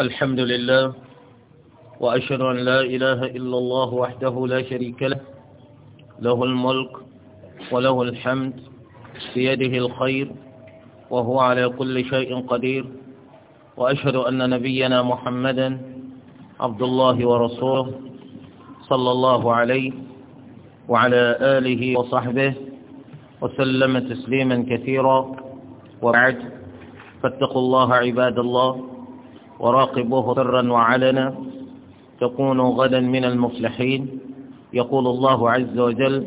الحمد لله وأشهد أن لا إله إلا الله وحده لا شريك له له الملك وله الحمد بيده الخير وهو على كل شيء قدير وأشهد أن نبينا محمدا عبد الله ورسوله صلى الله عليه وعلى آله وصحبه وسلم تسليما كثيرا وبعد فاتقوا الله عباد الله وراقبوه سرا وعلنا تكونوا غدا من المفلحين يقول الله عز وجل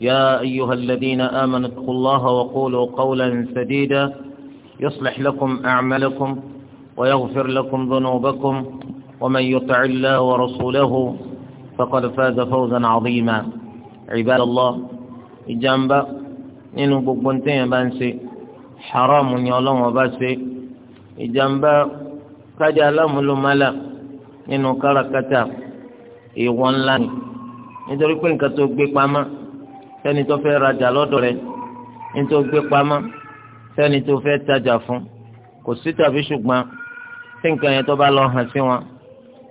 يا أيها الذين آمنوا اتقوا الله وقولوا قولا سديدا يصلح لكم أعمالكم ويغفر لكم ذنوبكم ومن يطع الله ورسوله فقد فاز فوزا عظيما عباد الله إجابة إنه بقبنتين بانسي حرام الله وباسي إجابة kájà alámúlòmálà nínú kárakáta ìwọ ńlá ni nítorí pé nǹkan tó gbé pamọ́ sẹ́ni tó fẹ́ rajà lọ́dọ̀ rẹ̀ nítorí gbé pamọ́ sẹ́ni tó fẹ́ tajà fún kò sí tàbí ṣùgbọ́n tí nǹkan yẹn tó bá lọ hàn sí wọn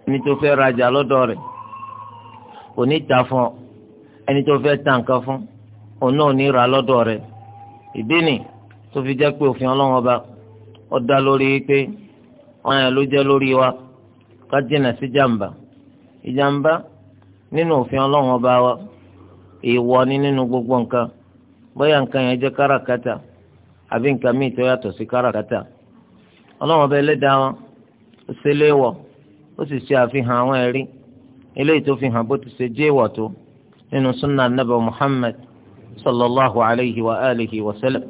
ẹni tó fẹ́ rajà lọ́dọ̀ kò ní ta fún ọ ẹni tó fẹ́ ta nǹkan fún òun náà ní ra lọ́dọ̀ ìdí ni tó fi jẹ́ pé òfin ọlọ́wọ́n dá wọn yà ló jẹ́ lórí wa ká jìnnà sí jàǹbá ìjàǹbá nínú òfin ọlọ́run ọba wa èèwọ̀ ni nínú gbogbo nǹkan bóyá nǹkan yẹn jẹ́ káràkátà àbí nǹkan míì tó yàtọ̀ sí káràkátà ọlọ́run ọba ẹlẹ́dàá wọn ó ṣe léèwọ̀ ó sì ṣe àfihàn àwọn ẹ̀rí eléyìí tó fi hàn bó ti ṣe jẹ́ èèwọ̀ tó nínú sunna nabẹ muhammad sallallahu alayhi wa alihi wa sallam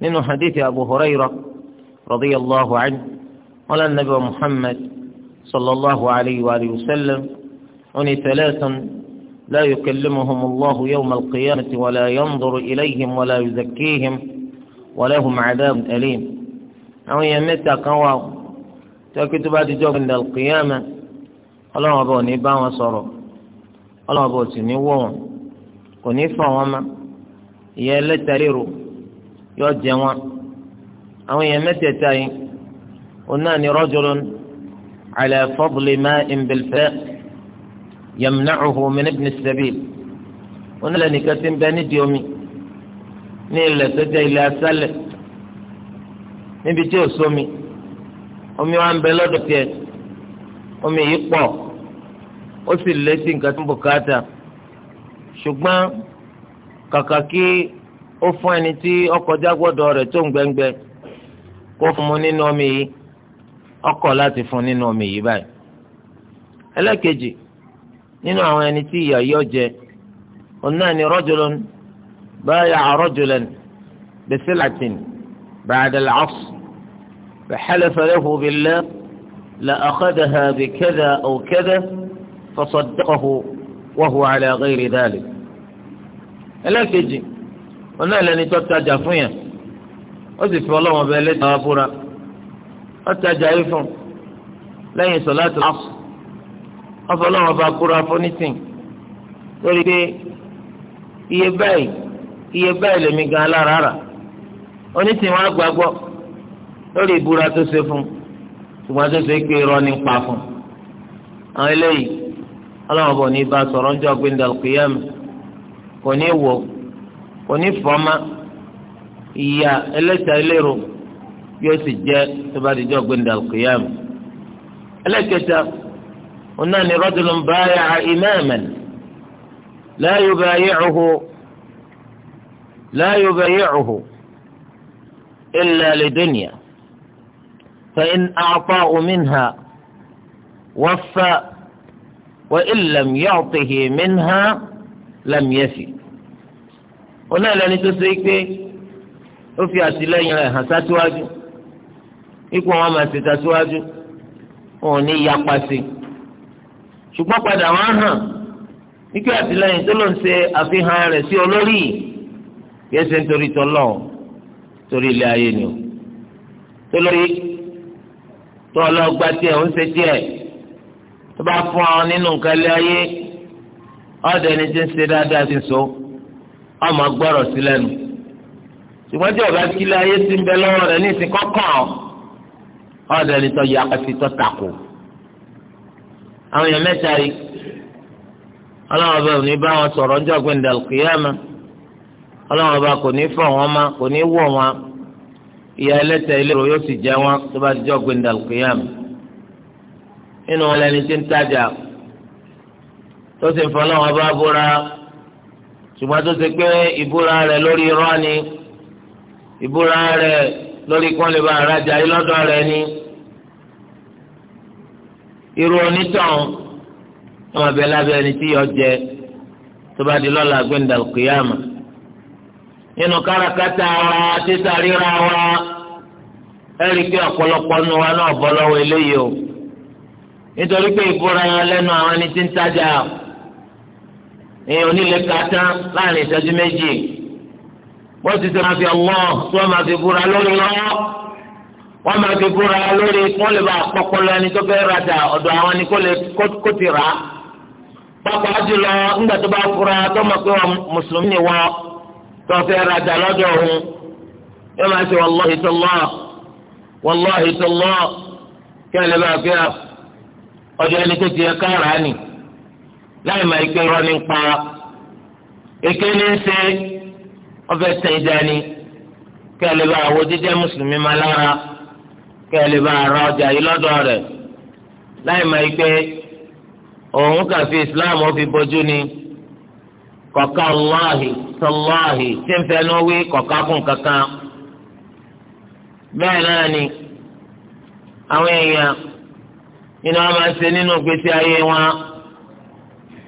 nínú hadithi abu hurairah radiyallahu anhu. ولا النبي محمد صلى الله عليه وآله وسلم أن ثلاث لا يكلمهم الله يوم القيامة ولا ينظر إليهم ولا يزكيهم ولهم عذاب أليم أو يمتى قوى تأكد بعد جوب عند القيامة الله أبو نبا وصره الله أبو سنوهم ونفا وما يا لتريرو أو يمتى تاين onáni rọ́jòlón àlẹ́ fọ́bùlì máa ń bẹ̀lẹ́fẹ́ yamnacuhu min ibn sabil onílẹ̀ nìkan ti ń bẹ nídìí omi ní ilẹ̀ tó jẹ́ ilẹ̀ asálẹ̀ níbi tí ò sómi omi wa ń bẹ lọ́dọ̀ tiẹ̀ omi yìí pọ̀ ó sì lé sí nǹkan tó ń bùkátà ṣùgbọ́n kàkà kí ó fún ẹni tí ọkọ̀ jágbọ́dọ̀ rẹ̀ tó ń gbẹ́ngbẹ́ kó fún mu nínú omi yìí ọkọ̀ láti fún nínú omi yìí báyìí ẹlẹ́kejì nínú àwọn ẹni tí ìyà yọ jẹ òun náà ni rọ́jòlón báyà rọ́jòlón bẹ́sílàtìn bàdàlà ọ̀f bẹ́xẹ́lẹ́fẹ́lẹ́ hùbìlẹ́ làkàdàhà bìkẹ́dà òkẹ́dà fọ́sọ̀dọ́kọ̀hù wọ́hù àlẹ́ àgẹ́rì dàlẹ́ ẹlẹ́kejì òun náà lẹni tó tajà fún yẹn ó sì fi ọlọ́wọ́n bẹ́ẹ̀ lẹ́tọ̀ọ́ ọ̀tajà yìí fún lẹ́yìn sọ̀láàtì lọ́sùn ọ̀fọlọ́wọ́n ọba kúra fọ́nìtìn lórí pé iye báyìí iye báyìí lèmi gan alára rà onítìí wọn àgbà gbọ́ lórí ìbúra tó ṣe fún ṣùgbọ́n tó ṣe pé irọ́ ní pa fún àwọn eléyìí ọlọ́wọ́n bọ̀ ní bá sọ̀rọ̀ ń jọ gbẹ̀ndà kò ní wò kò ní fọ́ọ́mà ìyá ẹlẹ́ta ẹlẹ́rọ yóò sì jẹ́ tó bá di jọ́ gbẹ̀ndà al-qiyam. ẹlẹ́kẹta ọ̀nà ni rajulun báyà imaman la yubayi'uhu la yubayi'uhu illa li dunya fa'in a'ta'u minha waffa وإن لم يعطه منها لم يفي ọ̀nà ìlànà tó ṣe é pé ó fi àtìlẹ́yìn rẹ̀ hàn sátíwájú ipò wọn máa ti tẹ̀síwájú wọn ò ní yapa ṣùgbọ́n padà wọn hàn ike àtìlẹ́yìn tó ló ń ṣe àfihàn rẹ̀ sí olórí yìí nítorí torí ilé ayé ni o tó lórí tó ọlọ́gba tiẹ̀ ń ṣe tiẹ̀ tó bá fún ọ nínú nǹkan ilé ayé ọ̀dọ̀ ẹni tí ń ṣe dáadáa ti so ọmọ sí ṣùgbọ́n tí ti ń bẹ lọ́wọ́ rẹ̀ ní ìsìn ọ̀dọ̀ ẹni tó yà kẹsì tó takò àwọn èèyàn mẹ́ta yìí ọlọ́wọ́n bá òní bá wọn sọ̀rọ̀ ọjọ́ gbẹ̀ndẹ̀ ọlọ́wọ́n bá kò ní fọ̀ wọn má kò ní wọ̀ wọn ìyà ẹlẹ́tẹ̀ ilé yóò sì jẹ́ wọn tó bá jọ́ gbẹ̀ndẹ̀ nínú wọn lẹni tí ń tajà tó sì ń fọ ọlọ́wọ́n bá búra ṣùgbọ́n tó pé ìbúra ni ìbúra lórí kí wọ́n lè bá arajà yìí lọ́dọ̀ rẹ̀ ni irú onítàn ọmọ bẹ́ẹ̀ lábẹ́ ẹni tí yọ jẹ tó bá di lọ́la gbẹ̀ndà kìyàmà nínú kárakáta wa títà ríra wa ẹ̀rí pé ọ̀pọ̀lọpọ̀ nu wa náà bọ́ lọ́wọ́ eléyìí o nítorí pé ìbúra yẹn lẹ́nu àwọn ẹni tí ń tajà èèyàn onílé kata láàrin ìṣẹ́jú méjì. wọ́n ti sẹ́ máa fi ọwọ́ tí wọ́n máa fi búra lórí lọ́wọ́ wọ́n máa fi búra lórí kó lè ba àpọ́pọ́lọ́ ẹni tó fẹ́ rajà ọ̀dọ̀ àwọn ni kó ti rà á pápá jùlọ ńgbà tó bá fura tó mọ̀ pé mùsùlùmí ni wọ́n tó fẹ́ rajà lọ́dọ̀ yóò máa ṣe lọ́ lọ́ kí ẹ lè bá fi ẹni tó ti Ọ bụ ìdání kẹ lè bá àwọn jíjẹ mùsùlùmí máa lára kẹ lè bá ara ọjà yìí lọ́dọ̀ rẹ̀ láì máa yí pé òun kà fi islam ó fi bójú ni kọ̀ọ̀ká ọláhì sọláhì tí ń fẹnu wí kọ̀ọ̀ká fún kankan bẹ́ẹ̀ náà ni àwọn èèyàn inú wọn máa ń ṣe nínú ìgbésí ayé wọn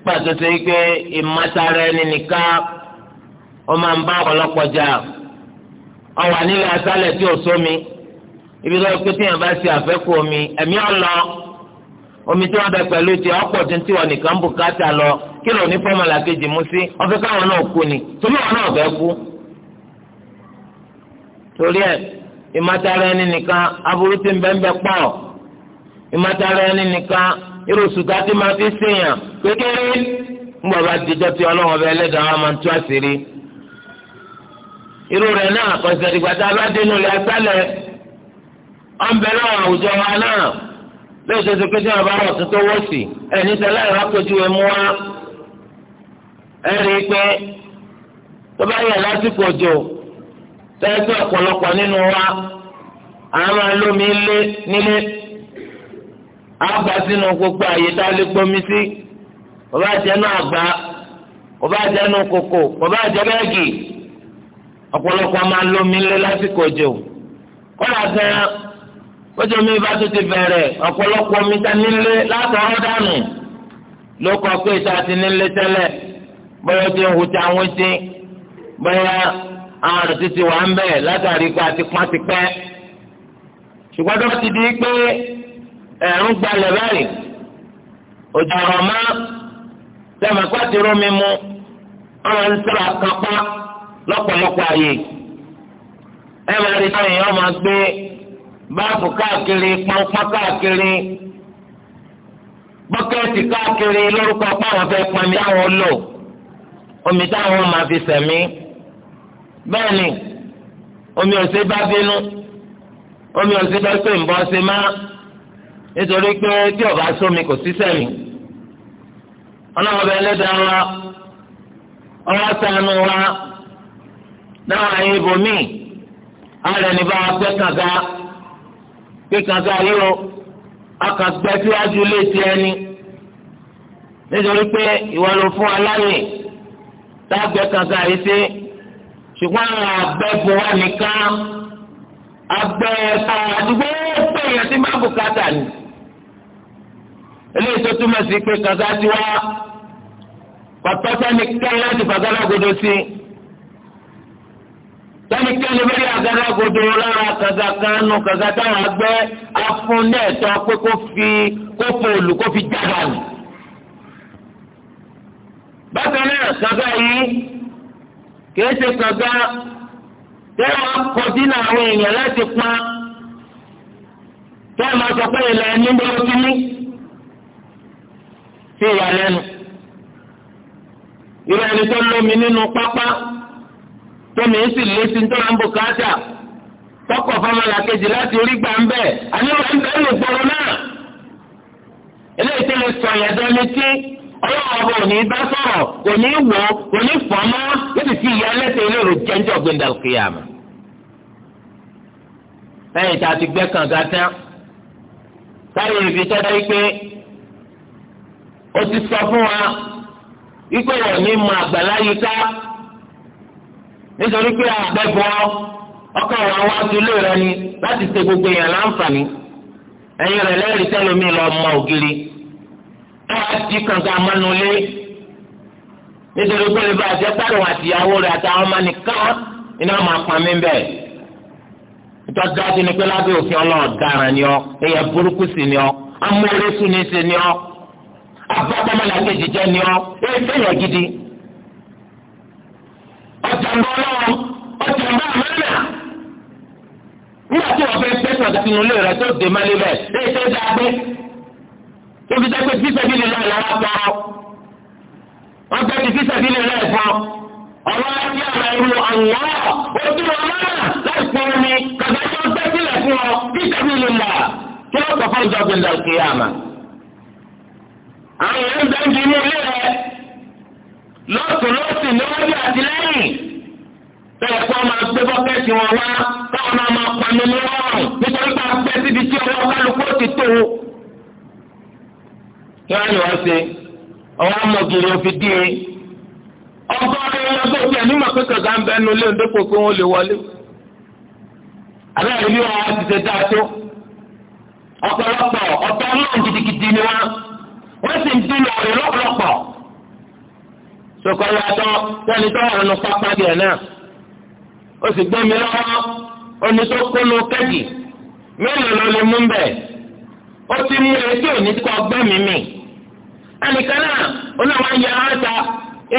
pàtó pé ìmọ̀tara ẹni ọmọ ń ọlọpọ ọ̀pọ̀lọpọ̀ jà ọwà nílẹ̀ asálẹ̀ tí ò sómi ibi tó pé téèyàn bá ṣe ku omi ẹ̀mí ọlọ omi tí wọ́n bẹ pẹ̀lú ti ọpọ tí tiwọn nìkan bùkátà lọ kí ló ní fọ́mọ̀lá kejì mú sí ọ̀fẹ́ káwọn náà kú ni torí àwọn náà fẹ́ kú. torí ẹ ẹni nìkan aburú ti ń ẹni nìkan irú tí máa fi ṣèyàn kékeré ń bọ̀ bá ọlọ́wọ́ irú rẹ̀ náà kọ̀sẹ̀dìgbàtà aládénú rẹ̀ asálẹ̀ ọ̀nbẹ náà àwùjọ wa náà lóò naa. ṣe pé tí wọn bá wọ̀ tuntun wọ́ sí ẹ̀ ní mú wa ẹ̀ rí i pé tó bá yẹ lásìkò òjò wa àwọn alómi lé nílé àgbà sínú gbogbo àyè tá a lè gbomi sí kò bá jẹ́ nú àgbá kòkò ọ̀pọ̀lọpọ̀ máa ń lómi lé lásìkò òjò kọ́lá gan ojú omi bá tún ti bẹ̀rẹ̀ ọ̀pọ̀lọpọ̀ omi ta nílé látọ̀rọ̀ dànù ló kọ́ pé ìta ti nílé tẹ́lẹ̀ bóyá ó ti ń huta àwọn etí bóyá àrùn títí wà ń bẹ̀ látàrí pé àti pọ́n ti pẹ́ ṣùgbọ́n tó ti di pé ẹ̀rùn gbalẹ̀ báyìí òjò ọ̀rọ̀ máa tẹ̀mẹ̀kọ́ ti rómi mu ọ̀rọ̀ ń sọ̀rọ̀ kápá lọ́pọ̀lọpọ̀ ààyè ẹ máa rí táwọn èèyàn máa gbé báàbù káàkiri pọnpọ́n káàkiri bọ́kẹ́tì káàkiri lórúkọ páwọn fẹ́ pọnmi táwọn lò omi táwọn máa fi sẹ̀mí bẹ́ẹ̀ ni omi ọ̀sẹ̀ bá bínú omi ọ̀sẹ̀ bá pè ń bọ́ ṣe má nítorí pé tí ọba sómi kò sí sẹ̀mí ọlọ́wọ́ bẹ́ẹ̀ wa ọlọ́sàn wa náà àyè ibòmíì alẹ́ ní bá wa pẹ́ kànga pé kànga yóò akàgbẹ́ síwájú lé ti ẹni nítorí pé ìwọ ló fún aláyè lágbẹ́ kànga yìí sí ṣùgbọ́n àwọn abẹ́bù wa nìkan abẹ́ ẹ̀ka àdúgbò pé èèyàn ti máa bùkátà ni eléyìí tó túmọ̀ sí pé kànga ti wá pàtó sẹ́ni kẹ́lẹ́ ti fàgọ́lá gbọdọ̀ sí i tẹnikẹ́ni bẹ́ẹ̀ agadagodo lára kazakanu kazatawa gbẹ́ afúnẹ́ẹ̀tọ́ pé kó fi kó fòlù kó fi jábà nù. bákan náà kàga yìí kìí ṣe kàga tẹ́lẹ̀ wọn kọ dínà àwọn èèyàn láti pa tẹ́lẹ̀ wọn sọ pé ìlànà ẹni bẹ́ẹ̀ ti ní sí ìyàlẹ́nu. ìrẹ́ni tó lómi nínú pápá. tómi ń sì lé sí tó máa ń bò káàtà tọkọ fọmọlàkejì láti orí gbà ń bẹ àníwá ń bẹ ló náà eléyìí tó lè sọ ìyàdọ létí ọlọ́wọ́ ọba ò bá sọ̀rọ̀ kò ní wò kò ní fọ́mọ́ ìyá jẹ́ńjọ́ a ti gbẹ́ kànga tán táyà ìfi nítorí pé àgbẹ̀bọ ọkọ wọn wá sílé rẹ ni láti ṣe gbogbo èèyàn láǹfààní ẹ̀yin rẹ̀ lẹ́rìí sẹ́lómi lọ mọ ògiri ẹ wá sí kànga amánulé nítorí pé ìbá àjẹ pàrọ̀ àtìyàwó rẹ̀ àtàwọn ọmọ nìkan iná máa pa mí bẹ́ẹ̀ ìtọ́jú àti ní pé lábẹ́ òfin ọlọ́ọ̀daràn ni ọ burúkú sí ni ọ ni ọ ni ọ ọ̀jọ̀gbọ́n ọlọ́run ọ̀jọ̀gbọ́n àmàlà nígbà tí wọ́n fẹ́ tẹ̀sán sínú ilé rẹ̀ tó dé mọ́lẹ́ bẹ́ẹ̀ lè ṣe é dáa pé tó fi dẹ́pẹ́ fíṣẹ́bí lè lọ́ọ̀ lára pọ̀ wọ́n fẹ́ ti fíṣẹ́bí lè lọ́ọ̀ pọ̀ ọ̀rọ̀ ayé àwọn ẹrú ọ̀nà ojú ọlọ́run láì fún mi kàdájọ́ bẹ́ sílẹ̀ fún ọ fíṣẹ́bí lè lọ́ọ̀ kí wọ́n kọ̀ fún ìjọba ìdàkìyàmà àwọn èèyàn bẹ́ẹ̀ lọ́tún lọ́sìn níwájú àti lẹ́yìn bẹ́ẹ̀ kó máa gbé bọ́kẹ́tì wọn wá káwọn máa máa ní ọrùn nítorí pé àgbẹ̀ síbi tí ọwọ́ kálukú ti tó o. wọ́n ṣe ọwọ́ amọ̀gìrì òfin e ọgọ́rin wọn tó pé kàkà ń lè wọlé. àbẹ́rẹ́ ti ṣe tó ọ̀pọ̀lọpọ̀ so yàtọ̀ sẹ́ni tó wà nù pápá díẹ̀ náà ó sì gbé mi lọ́wọ́ oní tó kúnnu kẹ́jì mélòó ló lè mú bẹ́ẹ̀ ti mú etí mi mì ẹnìkan náà ó náà wá yẹ ata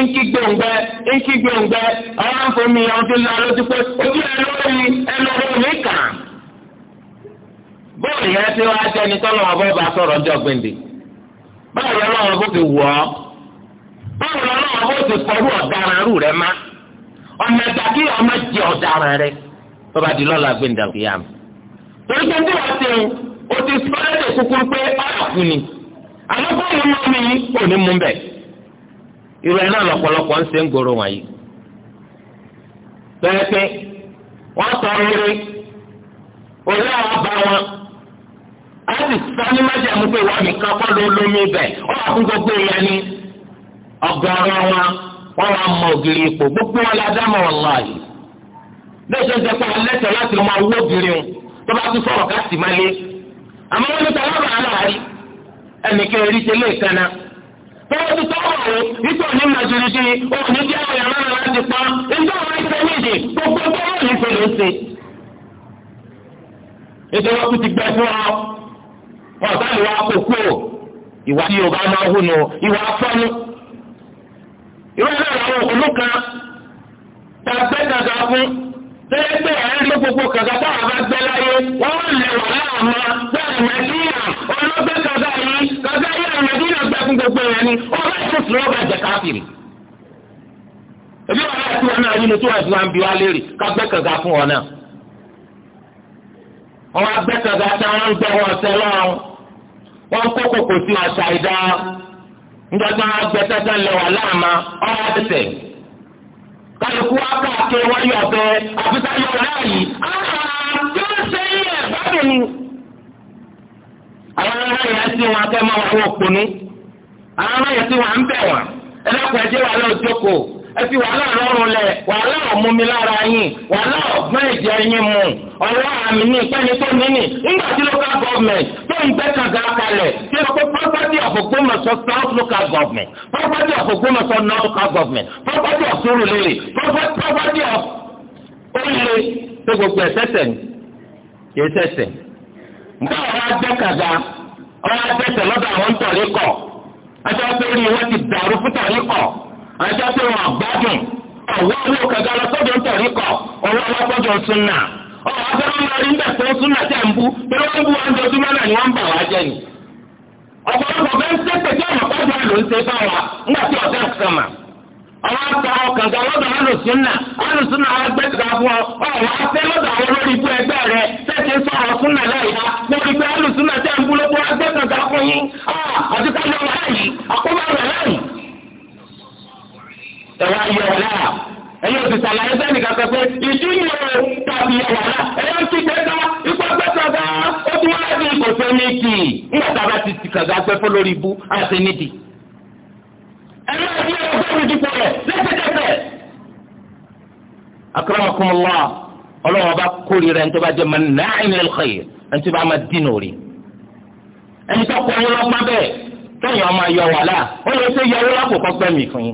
ńkí gbòǹgbẹ ńkí gbòǹgbẹ ọ̀rọ̀ àǹfọ̀mì ọ̀dún náà ti pé ojú ẹ lórí ẹ lórí mi kàn bóòlù yẹn ti wá jẹ́ni tọ́lọ́wọ́ bọ́ọ̀ bá sọ̀rọ̀ ti kọrú ọ̀daràn rú rẹ má ọ̀nà ìdàkí ọmọ jẹ ọ̀daràn rẹ bàbá di lọ́la gbẹ̀ndà kìyàmù. torí pé bí wàá sẹ́yìn o ti sọ́lẹ́dẹ̀ kúkúrú pé ọ̀rọ̀ ni àmọ́ kó ní mú mi kò ní mú bẹ̀. ìrọ̀lẹ́ náà lọ́pọ̀lọpọ̀ ń ṣe ń gbòòrò wọ̀nyí. bẹ́ẹ̀ pé wọ́n sọ orí orí àwọn bá wọn á sì ní májàmú pé wọ́n mi ọ̀gọ̀rọ̀ wọn wọn wà mọ ògiri ipò gbogbo wọn la dámọ wọn lọ àyè bẹ́ẹ̀ tó ń sẹ pé alẹsẹ láti lọ máa wó ògiri wọn tó bá tún sọ̀rọ̀ káàsì máa lé àmọ́ wọn ní tọwọ́ bàá láàárí ẹnì kí orí ṣe lè kanna tọwọ́ ti tọwọ́ rẹ nítorí òní màjòrìṣì òní jẹ àwọn yàrá rẹ láti pa nígbà wọn ṣe méje gbogbo tọwọ́ rẹ ṣe ló ṣe. ètò wọn ti gbẹ fún ọ wọn sáà lè ìwà tí Yorùbá máa hù nù ìwà afọ́nù ìwé náà làwọn òkúlù kan tá a gbẹ́ dàda fún tẹ́lẹ̀ pé àwọn ẹni gbogbo kàkà tá a bá gbẹ́ láyé wọ́n wà lẹ̀ wà láàmú bẹ́ẹ̀ mẹ́dínà ọlọ́gbẹ́ kàkà yìí kàkà yìí mẹ́dínà gbẹ́ fún gbogbo yẹn ni ọba ìfúnfún ọba jẹ káfíìrì. ẹbí wàhálà tí wọn náà nínú tí wọn fi wá ń bi wá léèrè kágbẹ́ kàkà fún wọn náà. wọn wá kàkà tí wọn ń wọn sẹ́lọ́ọ̀ wọn kó kòkò sí ọ̀ṣà ìdá njọba gbẹtẹtẹ lẹ wà láàmà ọwọ tẹsẹ kálukú akáàké wọn yọ ọbẹ àfisà yọ láàyè yóò ṣe yẹ báyìí ni. àwọn ará yẹn ti wọn akẹ́ máa wọ òpònú àwọn ará yẹn ti wọn à wọn ẹlẹ́kùn ẹ̀jẹ̀ wà lọ́ọ́ jókòó ẹfi lára yín yín mu àmì ní ìpẹ́ni tó ní tó ń kalẹ̀ Ògbómọ̀ṣọ́ south local government property of Ògbómọ̀ṣọ́ north local government property of Surulere property of Oile tó gbogbo ẹ̀sẹ̀sẹ̀ ni kì í sẹ̀sẹ̀. nígbà wọn adẹ́kàdá wọn adẹ́sẹ̀ lọ́dọ̀ àwọn tọ̀rí kọ̀ ajá pé orí wọn ti dàrú fún tọ̀rí kọ̀ ajá pé wọn àgbádùn ọ̀wọ́ olókàdá lọ́sọ̀dọ̀ tọ̀rí kọ̀ ọ̀wọ́ lọ́sọ̀dọ̀ sunnah ọ̀wọ́ abẹ́rẹ́ wọn rí bẹ́ẹ̀ tó sunnah tẹ̀ ń bú pé wọ́n bú wọn jọjúmọ́ náà ni wọ́n ń bà wá jẹ́ ni. ọ̀pọ̀lọpọ̀ bẹ́ẹ̀ ń ṣe pèsè ọ̀nà kọ́jà ló ń ṣe báwa ńgbà tí ọ̀gá ẹ̀sán mà. ọ̀wá ta ọkàn gan alùsùnà alùsùnà agbẹ́sà fún ọ ọ̀wá fẹ́ lọ́dọ̀ àwọn olórí ikú ẹgbẹ́ rẹ tẹ̀sí sọ̀rọ̀ súnà láyà lórí pé alùsùnà tẹ̀ ń búlọ́pù agbẹ́sà gan fún yín àti ká lọ́wọ́ láyì àkóbá rẹ̀ láyì. ẹ̀wá ẹ̀yin òsì sàlàyé sẹ́ni kankan pé ìṣú yìí o tàbí wàhálà ẹ̀yọ́ ti gbẹ́ta ikú ọgbẹ́ kàga ó tún wá sí ìkòsó méjì nígbà tá a bá ti ti kàga gbẹ́ fún lórí ibú á ti nídi. ẹ̀rọ ìdí ọ̀rọ̀ fún ìdíkọ̀ rẹ̀ lẹ́sẹ̀kẹsẹ̀. akramakumullah ọlọ́wọ́ bá kórìíra ẹni tó bá jẹ́ manna'in lil khair ẹni tó bá máa dín òrì. ẹni tó kọ́ ọ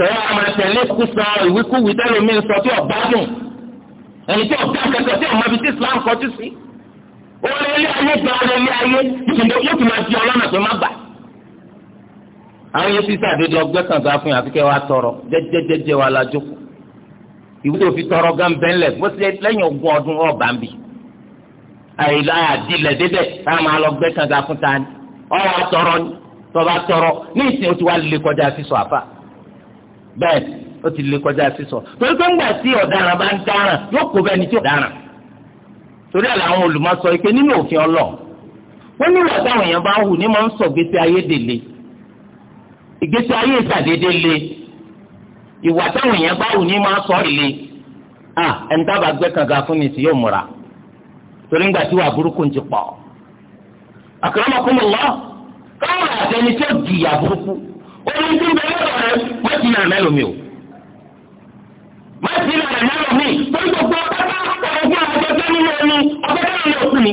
tẹ̀wọ́ a máa tẹ̀lé sísọ ìwíkúwìí tẹ́lómi sọ tí ọ̀bá dùn ẹni tí ọ̀bá kẹkẹ tí ọmọ ibi tí Islam kọjú sí orí ilé ayé gba orí ilé ayé yóò fi máa di ọlọ́nà tó má bà. àwọn yóò fi sàdédé ọgbẹ́ kànga fún yàtí kẹ́ wa tọrọ jẹ́jẹ́jẹ́jẹ́ wa la jókòó ìwé tó fi tọrọ gan bẹ́ńlẹ̀ bó ti lẹ́yìn ogún ọdún ọ̀bà ń bì. àyìnlá àdìlẹ̀ débẹ̀ ká máa lọ gbẹ́ kànga fún ta ni ọ̀rọ̀ tọrọ ni tọba tọrọ ní ìsìn o ti wá lè kọjá sísọ àfà bẹ́ẹ̀ o ti lè kọjá sísọ torí pé ńgbà tí ọ̀daràn bá ń dáràn yóò kó bẹ́ẹ̀ ni tí ọ̀daràn torí ẹ̀ làwọn olùmọ̀ sọ pé nínú òfin ọlọ́ wọ́n ní ìwà táwọn èèyàn bá ń hù ní máa ń sọ ìgbésí ayé délé ìgbésí ayé ìsàdédé le ìwà táwọn èèyàn bá hù ní máa sọ ìlé à ẹni tá a bá gbé kànga fún mi sí yóò múra torí ńgbà tí wà burúkú ti pọ̀ àkàrà ọmọkùnrin lọ káwọn àtẹni tó burúkú ẹni tí ń bẹ lọ́dọ̀ rẹ má ti nà mẹ́lòmí o má ti nà mẹ́lòmí torí gbogbo ọ̀pẹ́ta ọ̀gbọ́n ọ̀gbẹ́ta nínú ẹni ọ̀gbẹ́ta nínú òkú ni.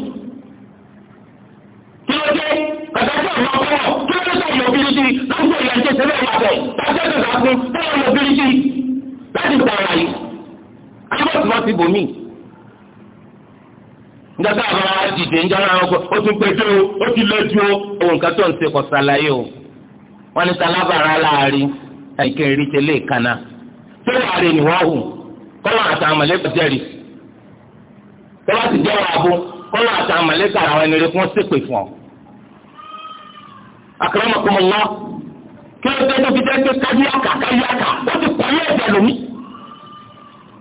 kí ló dé kàtà sí ọ̀nà ọ̀pọ̀ kí ló dé sọ̀rọ̀ òbírísì lọ́sọ̀ ìyá ń tẹ̀sẹ̀ lẹ́yìn abẹ́ láti ẹ̀sẹ̀ sàkún sọ̀rọ̀ òbírísì láti gbàrà yìí. akọ́tù wọn ti bò mí. njọ́sọ̀ àwọn adìdè njọ́sọ̀ àwọn ọkọ̀ ó ti pẹ́ wọ́n ní talábàárà láàrin ẹ̀kẹ́ rí tẹ́lẹ̀ kaná tí láàrin ni wọ́n hù kọ́lọ́ àtàwọn mọ̀lẹ́kà jẹ́rìí tọ́lá ti jẹ́ wàá bó kọ́lọ́ àtàwọn mọ̀lẹ́kà àwọn ẹni rẹ̀ fún ṣépè fún ọ. akramakumullah kí ló dé tó fi jẹ́ pé kájíákà kájíákà ó ti pọ̀ ní ẹ̀jẹ̀ lómi.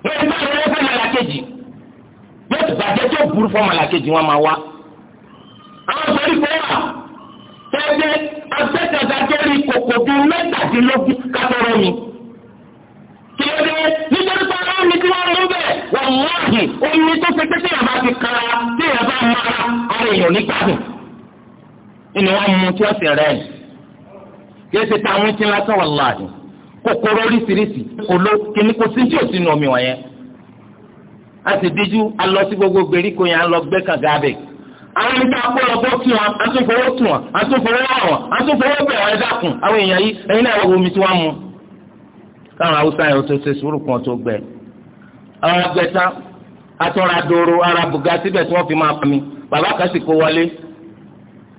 wọ́n ti bá ìrẹ́lẹ́ fún malakeji yóò ti bàjẹ́ ẹgbẹ́ agbẹ́kẹ̀dájọ́ rí kòkò bíi mẹ́tàdínlógún kátọ́rọ́ mi. kìlódé nítorí pé ọ̀rọ̀ mi ti wá rú bẹ́ẹ̀ wọ́n mú àyè omi tó ṣe pé téèyàn bá ti kara téèyàn bá mọ ara ara èèyàn ní gbàdùn. inú wọn mú tí wọ́n sì rẹ̀ ẹ̀ kí ẹsẹ̀ táwọn ti lásán wà láàyè kòkòrò oríṣiríṣi kòló kìnnì kò sí tí ò sínú omi wọ̀nyẹn. a sì díjú alọ sí gbogbo gbèríko yẹn alọ gbẹ́kàngá bẹ́ẹ̀ àwọn ẹni tá a kó lọ bọ́ sí wọn atúnfowó tù wọn atúnfowó wà wọn atúnfowó bẹ̀ wọn ẹ̀dá kun àwọn èèyàn yìí ẹ̀yin náà wo omi tí wọ́n mu. káwọn haúsá yẹn tó ṣe sùúrù kan tó gbẹ àwọn agbẹta atọ́ra dòrò ara bùgá síbẹ̀ tí wọ́n fi máa pami bàbá kan sì kó wọlé.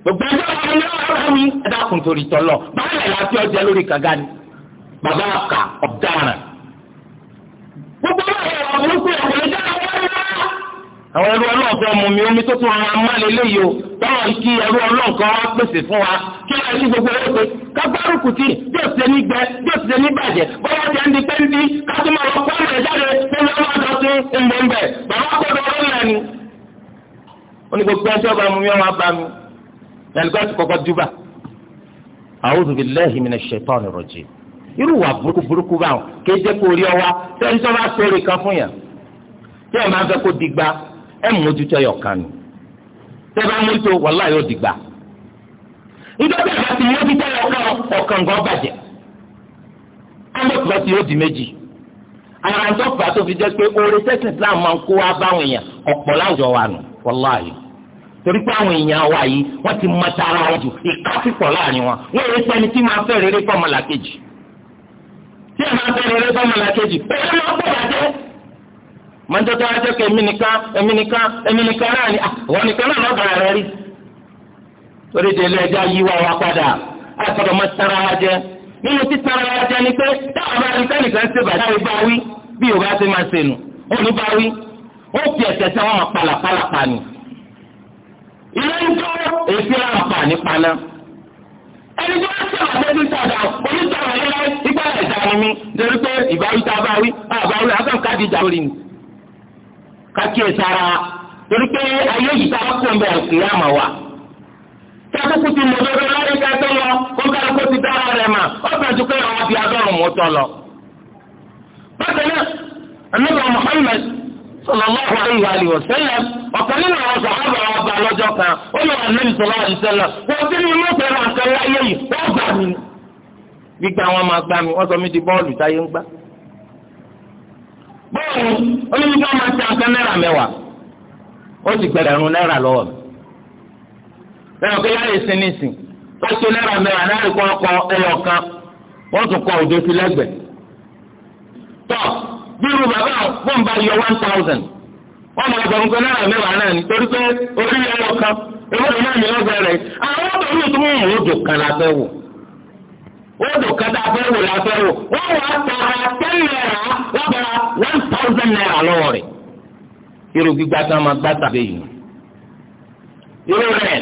gbogbo ẹgbẹ́ wọn ni wọ́n rà mí ẹ̀dá kun torí tọ́lọ̀ báyìí láti ọjà lórí kàgá ni bàbá àkà ọ̀daràn àwọn ẹrú ọlọ́run fẹ́ mú mi omi tó tún ara má lé léyìí o báwọn kí ẹrú ọlọ́run kan wá pèsè fún wa kí ẹ kí gbogbo ẹ pé kábàrúkù tí bí òsè ní bí òsè ní bọ́lá ti ń di pẹ́ńtì kátó máa lọ pọ́nrọ̀ ẹ̀ jáde nínú ọmọ ọ̀dọ́ sí ìmọ̀ǹbẹ̀ bàbá kọ́dọ̀ ọ̀rọ̀ náà ni. ó ní gbogbo ẹjọ́ bá mi ọmọ bá mi ẹnìkan ti kọ́kọ́ dúbà. ẹ mójútó ẹyọ kan nù tẹ bá mójútó wàhálà yóò dìgbà nítorí ẹ̀ka ti mójútó ẹyọ kan ọ̀kan gan ti yóò di méjì àwọn àjọpọ̀ àti òfin jẹ́ pé oore tẹ́sán Islam máa ń kó wá báwọn èèyàn ọ̀pọ̀ láwùjọ wa nù wàhálà yìí torí pé àwọn èèyàn wa yìí wọ́n ti mọta ara wọn jù láàrin wọn wọ́n tí máa fẹ́ rere tí máa fẹ́ mọ̀jọ́ tó wá jẹ́ kó èmi nìkan èmi nìkan èmi nìkan náà ni àwọn nìkan náà lọ́ọ́ bàrà rẹ rí. torí de ilé ẹja yíwá wa padà àtọ̀dọ̀ mọ́ tara wa jẹ nínú títara wa jẹ ni pé táwọn bá rí sẹ́nìkan ṣe bàtà wí bá wí bí yorùbá ṣe máa ṣe nù ó ní bá wí ó fi ẹ̀sẹ̀ sẹ́wọ́n máa palàpalà pa ni ilé ń tọ́ èsì àpà nípaná. ẹni tí wọ́n ṣe àtẹ́jú sàdà ni mí nítorí pé ìbáwí tá a bá wí àbáwí akọ́kọ́ àdìjà lórí mi. kákíyè sára torí pé ayé yìí tá a kó ń bẹ àkìyà mà wá. sákòkò ti mọ̀ lórí láyé lọ ó kó ti dára rẹ̀ mà ó bẹ̀rẹ̀ tó kẹ́rọ fi adọ́rùn mú lọ. bákan náà anábà Muhammad sallallahu alayhi wa nínú àwọn bá lọ́jọ́ kan ó lọ ti ní mọ́tò ẹ̀rọ ayé yìí báwo onímọ̀ máa ta ọ̀kan náírà mẹ́wàá ó sì gbẹ̀rẹ̀rún náírà lọ́wọ́ mi. lẹ́yìn pé láyé sin ní sìn ó náírà mẹ́wàá náírà kọ́ ọkọ ẹyọ kan wọ́n tún kọ sí lẹ́gbẹ̀ẹ́. tọ́ bàbá fún bá yọ one thousand wọ́n náírà mẹ́wàá náà torí pé orí ẹyọ kan ewúrẹ́ náà ọgbẹ́ rẹ̀ àwọn wọ́ọ̀dù kẹta fẹ́ wò la wò wọ́n wà naira wọ́n bá one thousand naira lọ́wọ́ rẹ̀. irú gbígbá tí máa gbá tàbí yìí. irú rẹ̀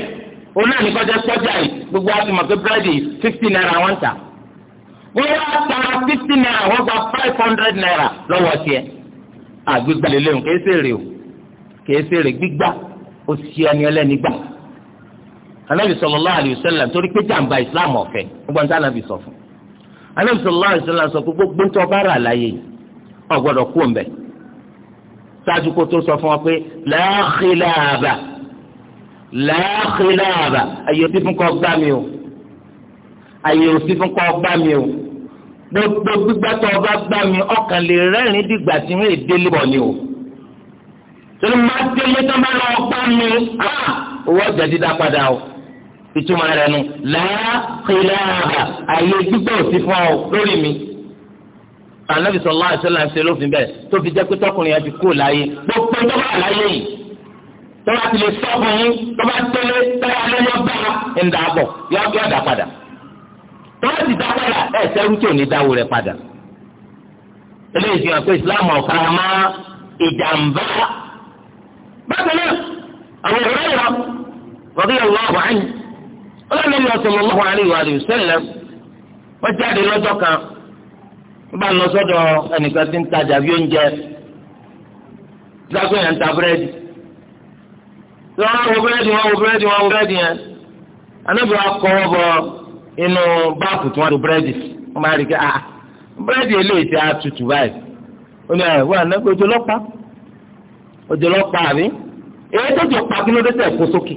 ní kọjá sọ́jà yìí gbogbo àti mọ̀ búrẹ́dì fifty naira wọ́n tà. wọ́n wà fifty naira wọ́n gba five hundred naira lọ́wọ́ tiẹ̀. àgbégbá lélẹ́yìn kèé o kèé sèrè gbígbá ó sì ẹni gbà. anabi sallallahu alayhi wa sallam torí pé jàǹbá islam ọ̀fẹ́ gbọ́n tí anabi sọ fún anabi sallallahu alayhi wa sallam sọ pé gbogbo ń tọ́ bára àlàyé yìí ọ̀ gbọ́dọ̀ kú ọ̀nbẹ ṣáájú kó tó sọ fún wa pé la khilaba la khilaba ayé òsì fún kọ́ gbá mi o ayé òsì fún kọ́ gbá mi o gbogbo gbígbá tó ọba gbá mi ọkàn lè rẹ́rìn dìgbà tí wọ́n èdè lébọ̀ ni o torí máa délé tó bá lọ gbá mi ah, owó ọjà dídá padà o ìtumọ̀ rẹ̀ nu làákìlá àyè gbígbẹ́ òsì fún ọ lórí mi. ànábì sallallahu alaihi wasallam ń ṣe lófin bẹ́ẹ̀ tó fi jẹ́ pé tọkùnrin yẹn ti kú láyé gbogbo tó bá láyé yìí tó bá ti lè sọ́ọ̀bù yín tó bá tẹ́lé tẹ́lé alẹ́ yọ bá ń dà bọ̀ yọ dà padà tó bá ti dá padà ẹ̀ sẹ́rú tí ò ní dáwó rẹ̀ padà. eléyìí fi hàn pé ìsìláàmù ọlọ́ọ̀lẹ́bí sallallahu alaihi wa sallam wọ́n jáde lọ́jọ́ kan wọ́n bá lọ sọ́dọ̀ ẹnìkan tí ń tajà bí oúnjẹ dákúnyà ń ta búrẹ́dì tí wọ́n wo búrẹ́dì wọ́n wo búrẹ́dì wọ́n wo búrẹ́dì yẹn anábì wa kọ́ bọ inú báàpù tí wọ́n do búrẹ́dì wọ́n bá rí i kí ah búrẹ́dì eléyìí ti àtútù báyìí ó ní ẹ̀ eh, wọ́n anábì ojúlọ́pàá ojúlọ́pàá àbí èyí tó jọ pa dé tẹ̀ kó sókè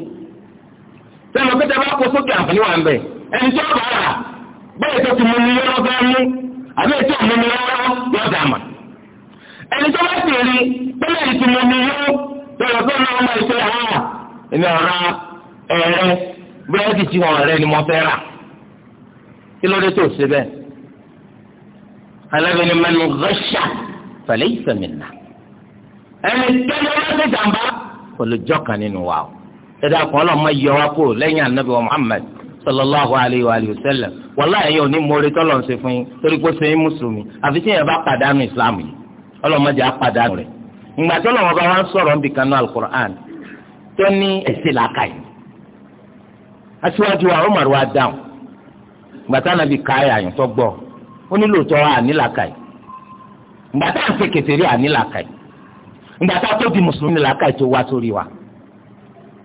sẹ́nu pété bá kó sókè àǹfààní wà ń bẹ̀ ẹni tó bá rà bẹ́ẹ̀ tó ti mú mi yọ́rọ́ bá mú àbí ètò mú mi yọ́rọ́ yọ dàmà ẹni tó bá sì rí pẹ́lẹ́ ìtì mú mi yọ́ lọ́wọ́ pé ọmọ ọmọ ìṣe ha ẹni ọ̀rá ẹ̀rẹ́ búrẹ́dì tí wọn rẹ ni mo fẹ́ rà kí ló dé tó ṣe bẹ́ẹ̀ alábẹ́ni mẹ́nu rẹ́ṣà fẹ̀lẹ́ ìfẹ̀mìnà ẹni tẹ́lẹ̀ wọ́n ti jàǹbá olùjọ́ kan nínú wa o. ẹ̀dá kan ọlọ́mọ yọ wá kúrò lẹ́yìn anabi wa sallallahu alayhi wa sallam wàláhì ẹ̀yọ́ ní mórí tọ́lọ̀ ń ṣe fún yín torí pé sẹ́yìn mùsùlùmí àfi bá pàdánù islam yìí ọlọ́mọdé á pàdánù rẹ̀ ìgbà tọ́lọ̀ wọn bá wá ń sọ̀rọ̀ ń ní ẹ̀sìn aṣíwájú wa wa dáhùn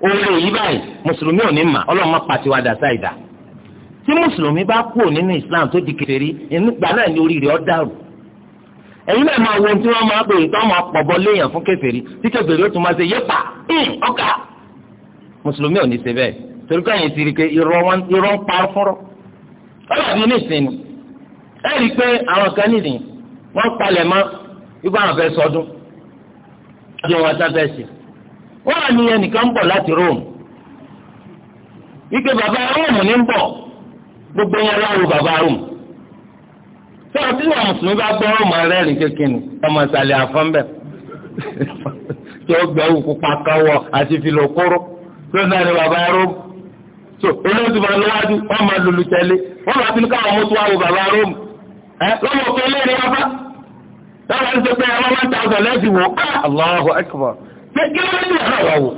oore yìí báyìí mùsùlùmí ò ní mà ọlọ́mọ pàtiwádà sáìdà tí mùsùlùmí bá kú nínú islam tó di kèfèrí ìgbà náà ni oríire ọ dàrú ẹ̀yin náà máa wo ohun tí wọ́n máa bèrè tí wọ́n máa pọ̀bọ léèyàn fún kèfèrí tí kèfèrí ó tún máa ṣe yépa ọkà mùsùlùmí ò ní ṣe bẹ́ẹ̀ torí káyìn ti rí i pé irọ́ ń pa fọ́rọ́ ọlọ́ọ̀bí ní ìsinmi ẹ rí i pé àwọn kan nìyí wọ́n palẹ̀ mọ́ ibà àwọn fẹ́ sọdún ọdún wọn sábẹ́ wọ́n á ní nìkan ń bọ̀ láti Rome ike bàbá Rome ní ń bọ̀ gbogbo yẹn láwù bàbá Rome sọ̀rọ̀ tí wọn mùsùlùmí bá gbọ́ Rome rẹ́rìn kékeré ọmọ ìsàlẹ̀ àfọ́nbẹ́ tí ó gbẹ́wò pupa kọ́wọ́ àti filokoro tó náà ní bàbá Rome so olóòtú bá lọ́wọ́dún wọ́n máa lulu tẹ́lẹ̀ wọ́n máa tún káwọn mọ́tò àwọn bàbá Rome lọ́wọ́ kẹ́lẹ́ ní wọ́n bá táwọn ń sọ pé kí ló ń yàrá wà wò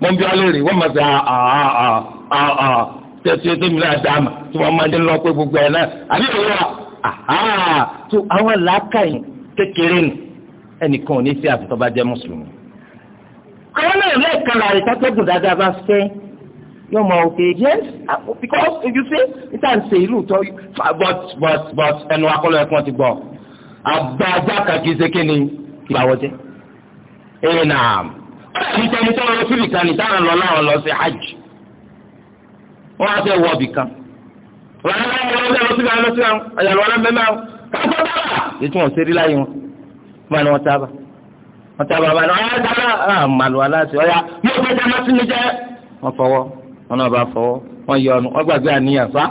mo ń bí wọn léèrè wọn máa sọ àà àà àà tẹsí ẹsẹ mi náà dáàmà tí wọn máa ń lọ pé gbogbo ẹ náà àbí ìwé wa àà ah, tó ah, àwọn làákàyè kékeré nù ẹnìkan ò ní sí àfi jẹ́ mùsùlùmí. àwọn náà lẹ́ẹ̀kan láàrin tátẹ́gùn dáadáa bá fẹ́ yóò mọ òkè yes ah, because you say níta ń ṣe ìlú tọ́ but but but ẹnu akọ́lọ́ ẹ̀kọ́ ti gbọ́ àgbà ajá ṣe kí ni ìgbà wọ́jẹ́ ee eh, naam nítorí tó lọ síbi kan níta lọ láwọn lọ sí hajj wọn á fẹ́ wọ ibì kan wọn á lọ síbi àwọn síbi àwọn síbi àwọn àyàlọ wọn mẹmẹ àwọn káfọ dábà ètò wọn ṣeré láyé wọn fún àwọn wọn tábà wọn tábà wọn á dábà àmàlù ah, aláṣẹ ọyà yóò gbé dáná sí mi jẹ wọn fọwọ́ wọn náà bá fọwọ́ wọn yọ ọnu wọn gbàgbé àníyàn fa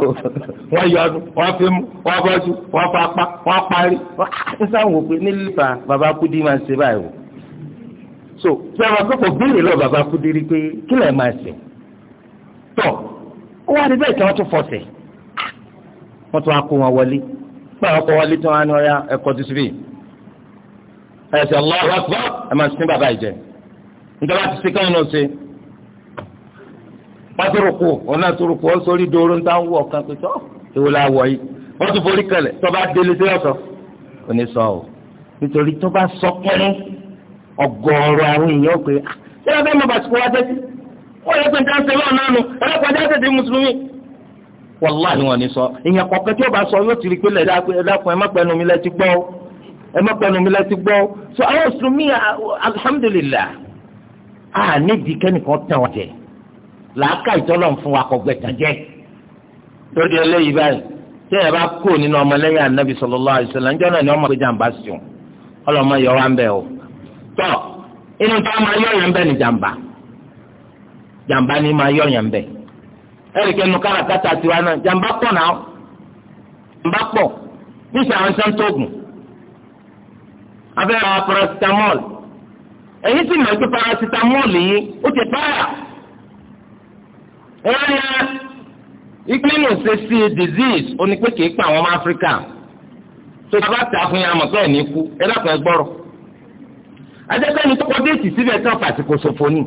wọ́n yọnu wọ́n fi mu wọ́n bọ́jú wọ́n fa apá wọ́n parí wọ́n á ah, sáwọn òpin nílùú ìfà bàbá kúdí máa ń ṣe báyìí wò so ṣé wọn kò kò béèrè lọ bàbá kúdírí pé kí lè máa sìn tọ ó wá rí bẹ́ẹ̀ tí wọ́n tún fọsẹ̀ wọ́n tún á kó wọn wọlé pé àwọn kọ wọlé tí wọ́n á ní ọyá ẹ̀kọ́ tó síbí ẹ̀sẹ̀ Allahu Akbar ẹ̀ máa sin bàbá ìjẹ nítorí àti sí káyọ̀ náà ṣe wọ́n tó náà tó rúkú sórí dòrò níta ń wọ̀ kan pé tọ́ èwo la wọ̀ yìí wọ́n tún forí kalẹ̀ tó bá délé sí ọ̀tọ̀ kò ní sọ ọ́ nítorí tó bá sọ pẹ́rẹ́ ọ̀gọ̀ọ̀rọ̀ àwọn èèyàn pé ah, ṣé ẹ fẹ́ mọ bàtìkù wá jẹ́sí wọ́n yẹ pé nǹkan ṣe lọ́ọ̀ nánu ẹlẹ́kọ̀ọ́jà mùsùlùmí. wọn ni sọ tí ó bá sọ yóò ti rí ẹ̀dákun mi gbọ́ mi gbọ́ so àwọn mùsùlùmí a kẹ́nìkan jẹ làákà ìtọ́lọ̀ fún wa kọ̀ gbẹ̀tàn jẹ́ tọ inú tá a máa yọ ni jàǹbá jàǹbá ni máa yọ yẹn bẹ́ẹ̀ ẹ̀ríkẹ́ nu káràkátà tiwa náà jàǹbá pọ̀ náà jàǹbá pọ̀ àwọn abẹ́rẹ́ àwọn paracetamol èyí sì mọ̀ paracetamol yìí ó ti báyà wọ́n ní ìpinnu ṣe sí disease onípẹ́kẹ́ pa àwọn ọmọ áfíríkà tó ti ta fún yàrá mọ̀ ẹ̀ ní kú ẹ dákun ẹ gbọ́rọ̀. adẹ́gbẹ́ni tó kọ déètì síbẹ̀ tán fàṣìkò ṣòfò ni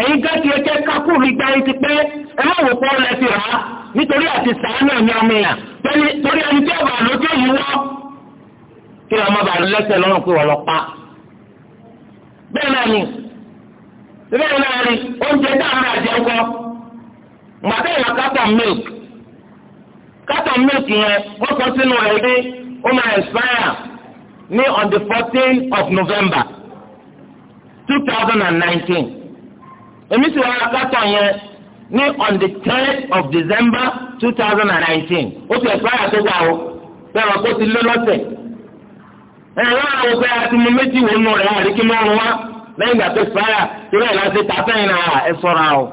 ẹ̀yin gáàsì ẹ̀kẹ́ kákùrú igba yìí ti pé ẹ má wò pọ́ lẹ́sì rà á nítorí àti sàánù ẹ̀mí ọmọ èèyàn torí ẹni tí ọba àlójó yìí wọ́ kí ọmọ bàálù lẹ́sẹ̀ lọ́rùn pé wọ́n lọ pa bẹ́ẹ̀ náà ni bẹ́ẹ̀ náà ni oúnjẹ dáhùn àjẹ́ ńkọ́ màtá ìlà carton milk carton milk yẹn wọ́n kọ́ sínú rẹ̀ ó máa expire ní on the fourteen of November two thousand and nineteen èmi sì wá akátọ̀ yẹn ní on the third of December two thousand and nineteen ó ti ẹ̀fọ́ àyàtọ̀gbà o bẹ́ẹ̀ wọ́n kó ti lé lọ́sẹ̀ ẹ̀rọ àwọn ọ̀gbẹ́ àti mo méjì wò nù rẹ̀ àríkí mọ́rùn wá lẹ́yìn ìgbà tó fàyà torí ẹ̀ láti ta sẹ́yìn náà ẹ sọ́ra o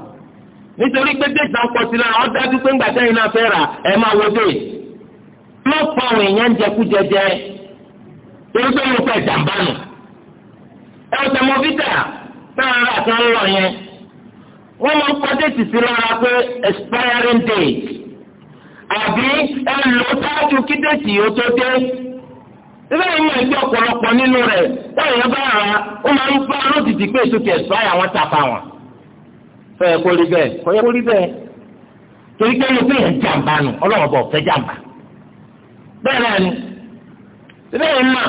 nítorí pé déètì náà pọ̀ sí lára ọ́ dájú pé ńgbà sẹ́yìn náà fẹ́ rà ẹ̀ máa wọ déètì. lọ́pọ̀ àwọn èèyàn ń jẹkú torí pé mo fẹ́ jàmbá nù ẹ ọ̀sẹ̀ mo fi tà náà rà kan expiring date àbí ẹ lò táàtù yóò tó dé ilé yìí máa ń gbé ọ̀pọ̀lọpọ̀ nínú rẹ̀ bá rà á ó máa ń lójijì pé èso ti expire àwọn tàpá wọn fẹ́ẹ́ kó rí bẹ́ẹ̀ bẹ́ẹ̀ mà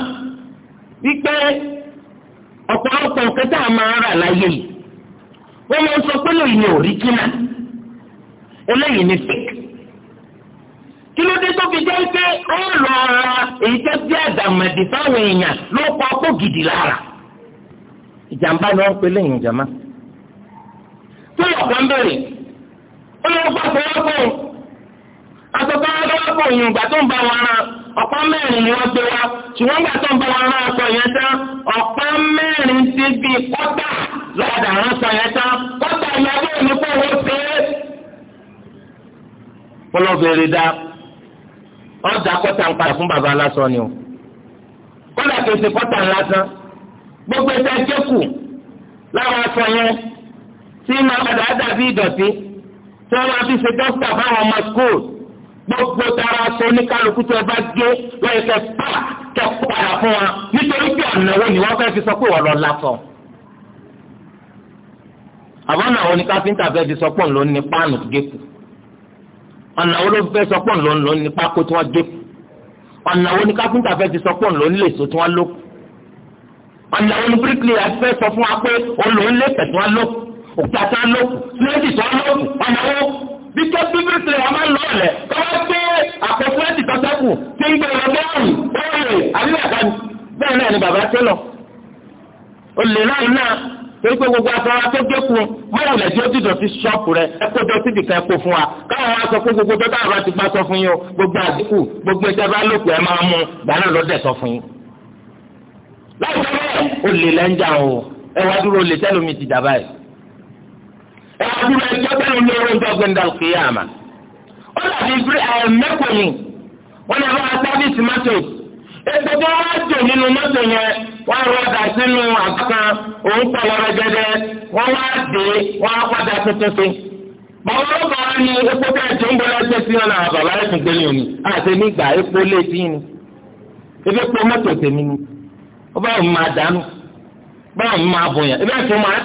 wípé ọ̀pọ̀lọpọ̀ nǹkan a máa rà láyé yìí wọ́n máa ń sọ pé lóyìn ní òríjìnà eléyìí ní fake kí ló dé tó fi jẹ́ pé ó lọ ra èyí tó jẹ́ àdàmọ̀dì fáwọn èèyàn ló pa ọkọ̀ gidi lára ìjàmbá ni wọ́n pe lẹ́yìn ìjàmbá ọ̀pá mẹ́rin ni wọ́n gbé wa ṣùgbọ́n gbà tó ń bá wa rán aṣọ yẹn tán ọ̀pá mẹ́rin ti di kọ́tà lọ́dà rán aṣọ yẹn tán kọ́tà ìyàwó mi kọ́ wọ́n ṣe é. kọlọ́bẹ̀rẹ̀ dá ọ̀dà kọ́tà ń padà fún bàbá aláṣọ ni o kọ́tà kèsì kọ́tà lásán gbogbo ẹ̀ta jẹ́kù láwọn aṣọ yẹn tí máa padà dàbí ìdọ̀tí tí wọ́n máa fi ṣe dókítà fáwọn ọmọ skul gbogbo tara aṣọ oníkálukú tí wọ́n bá gbé lọ́yẹ̀ kẹ́ pa kẹ́ kó padà fún wa nítorí pé ọ̀nà ni wọ́n fẹ́ fi sọ pé wọ́n lọ lásọ. àbọ̀nà àwọn oníkáfíńtà fẹ́ fi sọ pọ̀ ló ní páànù gẹ́kù ọ̀nà wo ló fẹ́ sọ pọ̀ ló ní pákó tí wọ́n gẹ́kù ọ̀nà wo ni káfíńtà fẹ́ fi sọ pọ̀ ló ní lèso tí wọ́n lókù ọ̀nà wo ni bíríkìlì fẹ́ sọ fún wa pé òun lòún lè tẹ̀ tí wọ́n lókù òkúta tí wọ́n lókù sílẹ̀ bí tó bí bíríkìlì wọn máa ń lọ ọ̀lẹ̀ kọ́ wá pé àkókò ẹ̀sì tọ́sẹ́kù tí ń gbé wọn bẹ́ẹ̀rì bẹ́ẹ̀rì àbílẹ̀ kan bẹ́ẹ̀ náà ni bàbá tẹ́lọ̀ olè náà náà torí pé gbogbo afọ wa tó gé kun mọ́wùlẹ̀ tí ó ti dọ̀tí ṣọ́ọ̀pù rẹ̀ ẹ̀kọ́ dọ̀tí nìkan ẹ̀kọ́ fún wa káwọn wa sọ pé gbogbo tó táwọn bá ti gbà sọ fún yín o gbogbo àdínkù gbogbo ẹja bá lòpọ̀ ẹ̀ máa mú gbàrà lọ́dẹ̀ sọ fún yín. láìpẹ́ bẹ́ẹ̀ olè lẹ́ńjà o ẹ wá dúró ẹ̀kúrú ẹjọ́ bẹ́ẹ̀ ní orí ọjọ́ gbẹ̀ndà òkè yá àmà. ó dàbí ibiri àwọn mẹ́kọ̀ọ́ ni wọ́n lè máa sábìsì mọ́tò. epo tó wá jò nínú mọ́tò yẹn wọ́n rọ ọ̀dà sínú òun pọ̀ lọ́rọ̀ wọ́n wá dé wọ́n á padà tuntun sí. bàbá ni epo bá òun máa dànù bá òun máa bọ̀yàn máa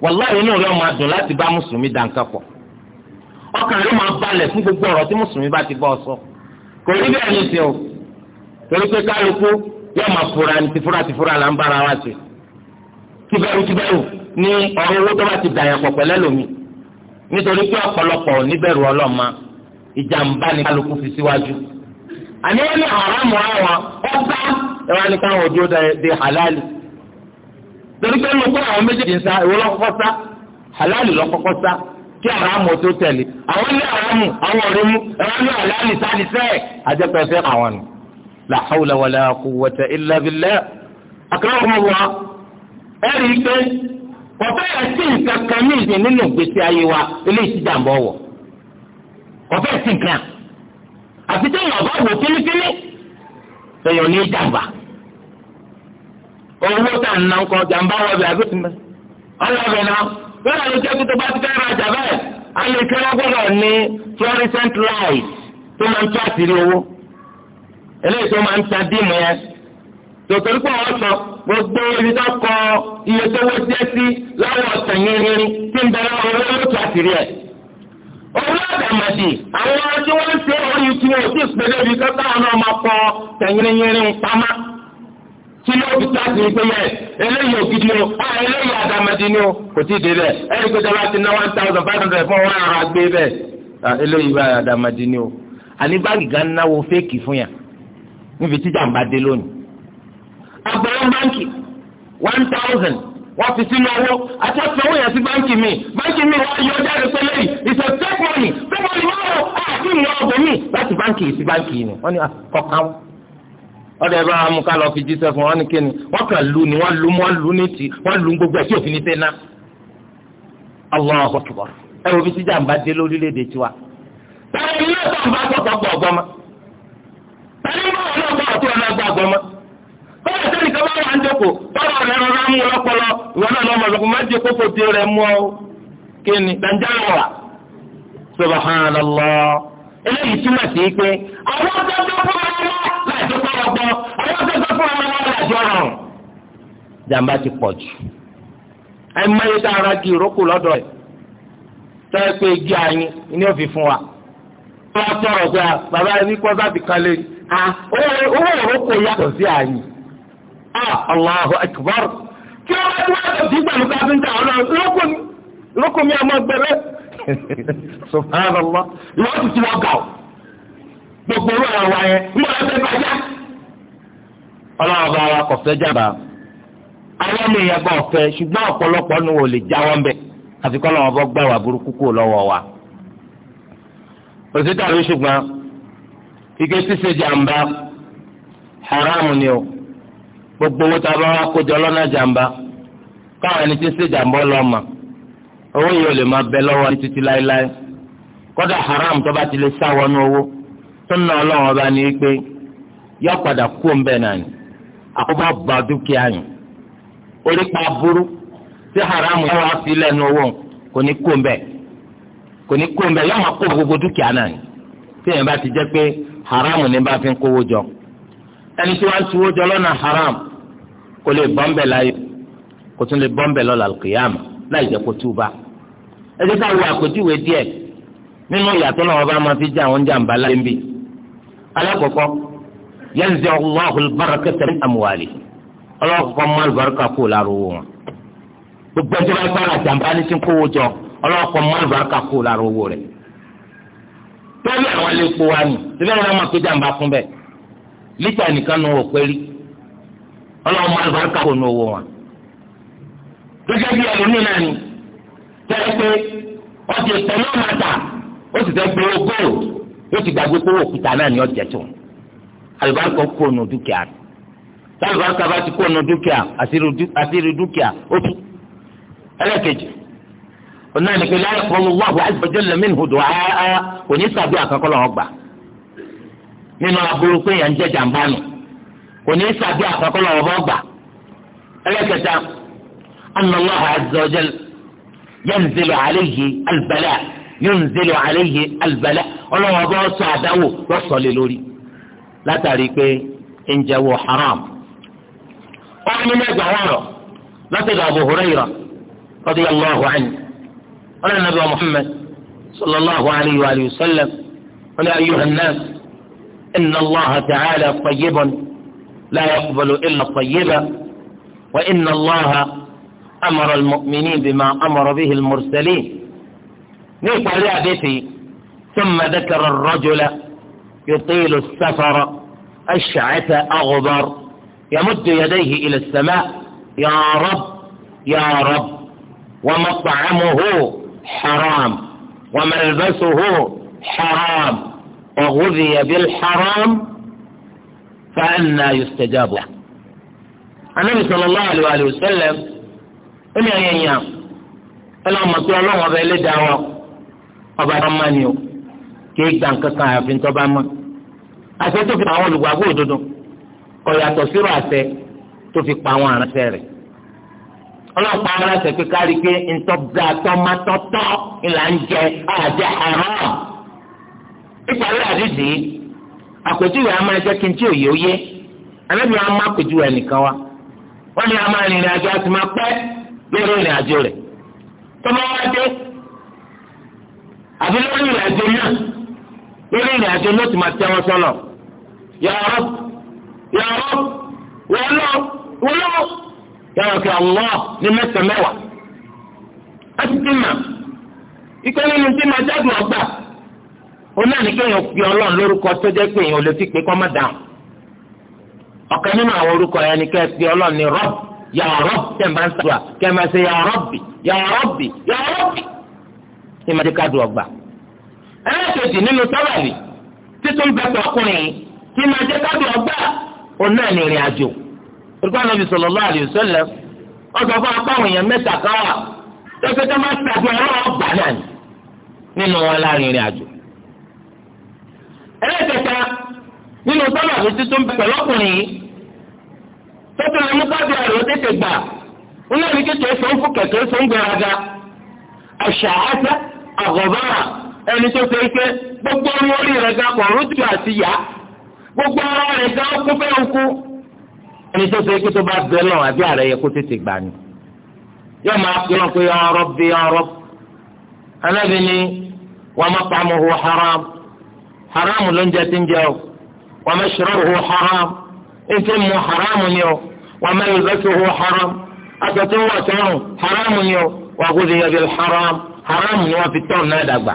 wàláhì inú rẹ̀ máa dùn láti bá mùsùlùmí dànkà pọ̀ ọkàn rẹ̀ máa balẹ̀ fún gbogbo ọ̀rọ̀ tí mùsùlùmí bá ti bá ọ sọ kò rí bẹ́ẹ̀ ní tiẹ̀ o torí pé kálukú yóò máa fura ní tìfura tìfura là ń bára wa ṣe tìbẹ̀rù tìbẹ̀rù ní ọ̀rọ̀ owó tó bá ti dàyàn pọ̀ pẹ̀lẹ́ lómi nítorí pé ọ̀pọ̀lọpọ̀ níbẹ̀rù ọlọ́mọ ìjàmbá ni kálukú fi síwájú àníwọ́n ní haramu àwọn ọba ẹ̀wọ̀n ni káwọn ojú ó de halali torí pé ló kọ́ àwọn méjèèjì ń sá ìwọ lọ́kọ́kọ́ sá halali lọ́kọ́kọ́ sá kí haramu tó tẹ̀lé àwọn ilé haramu àwọn ọ̀rẹ́ mu ẹ̀rọ ní halali sáni fẹ́ àjẹpẹ́ fẹ́ àwọn nù. la hawla wala quwwata illa billah akramakumullah ẹ̀rí pé kọ̀fẹ́ yà sí nǹkan kan ní ìsìn nínú ìgbésí ayé wa eléyìí ti jàǹbọ̀ wọ̀ kọ̀fẹ́ sí nǹkan àfi tẹ́yìn ọ̀bá wò kíníkíní owó tà ń nan kọ jàmbá wọbẹ àbí tìǹbà ọlọbẹ náà bẹ́ẹ̀ ló jẹ́ kótó bá ti fẹ́ rajà bẹ́ẹ̀ alẹ́kẹ́lá gbọ́dọ̀ ní fluorescent light tó máa ń tó àtìrí owó eléyìí tó máa ń ta díìmù yẹn tòtòrí pọ̀ wọ́n sọ gbogbo ibi tó kọ iye tó wọ́n jẹ́ sí láwọn ọ̀sẹ̀ yìnyín tí ń bẹ̀rẹ̀ owó ló tó àtìrí ẹ̀ owó àdàmàdì àwọn tí wọ́n ń ṣe orí tí wọ́n ò tí ì pèlè ibi tó táwọn náà máa kọ tẹ̀yìnrìnyìnrìn pamá tí ló fi sáàtì ní pé yẹ eléyìí ògidì o ọ ah, eléyìí àdàmàdì ni o kò tí ì dé bẹ́ẹ̀ ẹni pé tí a bá ti ná one thousand five hundred fún wọn àrà gbé bẹ́ẹ̀ ah, eléyìí bá àdàmàdì ni o àní báàgì gan náwó fẹ́ẹ̀kì fún yà níbi tí jàǹbá dé lónìí. àgbẹ̀rẹ̀ báńkì one thousand wọ́n fi sínú owó àti ọ̀sẹ̀ owó yẹn sí báńkì mi báńkì mi wọ́n yọ jáde pé lẹ́yìn ìṣe fake money fake money wọ́n rọ̀ àti ìwọ̀n ọ̀gbìn mi láti báńkì sí báńkì ni wọ́n ní ah, kọ̀ọ̀kan wọn. ọdọ ẹ bá wa mú ká lọ fi jíṣẹ́ fún wọn ní kíni wọn kàn lù ní wọn lù wọn lù ní ti wọn lù gbogbo ẹ tí òfin ní fi dé lórílẹ̀-èdè tiwa. ma tó gbọ́ àwọn tó fún ọmọ wọn láti ọrùn. jàǹbá ti pọ̀ jù ẹ a lọ́dọ̀ ẹ̀ fi fún wa. wọ́n tọrọ bàbá ẹni kọ́ sábì kan lé owó ìrókò yàtọ̀ sí àyín. Allahu akbar kí bá mi gbẹrẹ. subhanallah ti gà gbogbo wa yẹn ọlọ́run bá wa kọ̀ fẹ́ jàmbá àwọn ọmọ bá ọ̀fẹ́ ṣùgbọ́n ọ̀pọ̀lọpọ̀ ni wò lè jáwọ́ ń bẹ̀ àfi kọ́ lọ́wọ́ bọ́ wà burúkú kúrò lọ́wọ́ wa. tàbí ṣùgbọ́n o gbogbo owó tá a bá wá kójọ lọ́nà káwọn ẹni tí ń ṣe owó yìí ò lè máa bẹ lọ́wọ́ haram tó bá ti lè owó tó ń ná ní yọ àkọ́bá ba dúkìá yìí orí burú tí haramu fi lẹ́nu owó kò ní kó kò ní kó mbẹ yọ máa gbogbo dúkìá náà yìí tí bá ti jẹ pé haramu ni bá fi jọ ẹni tí wọ́n jọ haram kò lè bọ́ láyé kò tún lè bọ́ láì kó ká nínú ìyàtọ̀ náà bá máa fi àwọn jàǹbá yanzi'u Allahu al-barakata min amwalihi ọlọ́run kọ́ mọ́ àlùbáríkà kó owó wọn gbogbo ẹjọ́ bá gbára jàǹbá ní sí kówó jọ ọlọ́run kọ́ mọ́ owó rẹ̀ tẹ́lẹ̀ àwọn ilé epo wa ni síbẹ̀ wọn ni ta na ni àlùbáríkà kó nu dúkìá rẹ̀ tí àlùbáríkà bá ti kó nu dúkìá àṣírí dúkìá ó tú ẹlẹ́kejì ọ̀nà ni pé láyé kọ́ ló wà wá àgbẹ̀jọ́ lẹ́mìn hùdù áá kò ní sàbí àkọ́kọ́ lọ́wọ́ gbà nínú aburú pé yẹn ń jẹ́ jàǹbá nù kò ní sàbí àkọ́kọ́ lọ́wọ́ bọ́ gbà ẹlẹ́kẹta ọ̀nàlọ́ àzọ̀jẹ́ yẹnzẹ̀lọ̀ àlẹ́yé albẹ́lẹ́ yẹnzẹ̀lọ̀ àlẹ́yé albẹ́lẹ́ ọlọ́wọ́ bọ́ sọ àdáwò lọ́sọ̀lẹ̀ lórí. látàrí pé ń jẹ́wọ́ haram. wọ́n ní mẹ́jọ wọ̀rọ̀ látọ̀dọ̀ Abu Hurairah radiyallahu anhu wọ́n ní nàbẹ́ Muhammad sallallahu alayhi wa sallam wọ́n ní ayyuha an-nas inna Allaha ta'ala tayyibun la yaqbalu illa tayyiban wa inna Allaha amara al-mu'minin bima amara bihi al-mursalin ní ìparí àdéhìí ثم ذكر الرجل يطيل السفر أشعث أغبر يمد يديه إلى السماء يا رب يا رب ومطعمه حرام وملبسه حرام وغذي بالحرام فأنا يستجاب له النبي صلى الله عليه وآله وسلم إلى أيام أنا أمتي الله وبيلي دعوة وبرمانيو kéé gbà kankan àyàfi tó bá mọ́ àṣẹ tó fi pa àwọn olùgbàgbọ́ òdodo kò sírò àṣẹ tó fi pa àwọn aránṣẹ́ rẹ̀ ọlọ́pàá aránṣẹ́ pé kárí pé ntọ́gbà tọ́mátọ́tọ́ ìlà ń jẹ àjẹ haram ìparí àdìsí àpèjúwe a máa jẹ́ kí n tí òye òye anábì wa máa pèjúwe nìkan wa wọ́n ní a máa rìnrìn àjò àti máa pẹ́ lórí ìrìn àjò rẹ̀ tọ́mọ́ àbí lórí ìrìn àjò náà. lórí ìrìn àjò ló ti máa tẹ wọn ya Rabb ya Rabb ya ya yàrá kí àwọn ní mẹ́sàn-án a ti ti mà ikọ́ nínú tí máa jágun ọgbà ó náà ní kéèyàn fi ọlọ́run lórúkọ tó jẹ́ pé èèyàn ò lè fi pé kọ́ má dáhùn ọ̀kan nínú àwọn orúkọ yẹn ni kẹ́ ẹ fi ní ya Rabb ń ẹ máa ṣe ya Rabbi ya Rabbi ya Rabbi ìmọ̀dé ká dùn ọgbà. ẹlẹ́kẹ̀jì nínú sábàbí títún bẹ́tọ̀ ọkùnrin tí máa jẹ́ kábí ọgbà òun náà ní ìrìn àjò olùkọ́ àná bisọ̀ lọ́lá àdìsọ́lẹ̀ ọ̀sọ̀ fún apáwọn èèyàn mẹ́ta kan wà lọ́sẹ̀ tó máa tàbí ọlọ́wọ́ ọgbà náà nínú wọn láàrin ìrìn àjò. ẹlẹ́kẹta nínú sábàbí títún bẹ́tọ̀ ọkùnrin yìí tọ́tù kábí ọ̀rọ̀ tètè gbà ẹni tó ṣe ike gbogbo ọrùn orí rẹ̀ ga kò rújú àti yá gbogbo ọrùn rẹ̀ ga kú bẹ́ẹ̀ kú ẹni tó ṣe ike tó bá bẹ́ẹ̀ lọ àbí ààrẹ yẹ kó tètè gbà ní. yóò máa pè wọn pé ọrọ bí ọrọ anábì ni wọn máa pa àmọ hùwà haram haram ló ń jẹ tí ń jẹ o wọn máa ṣòro hùwà haram ètò mu haram ni o wọn máa yọ bẹ́ẹ̀ hùwà haram àtọ̀tún wọ̀ sẹ́rùn haram ni o wọn kò lè yẹ bí haram haram ni wọn fi tọ̀ náà dàgbà.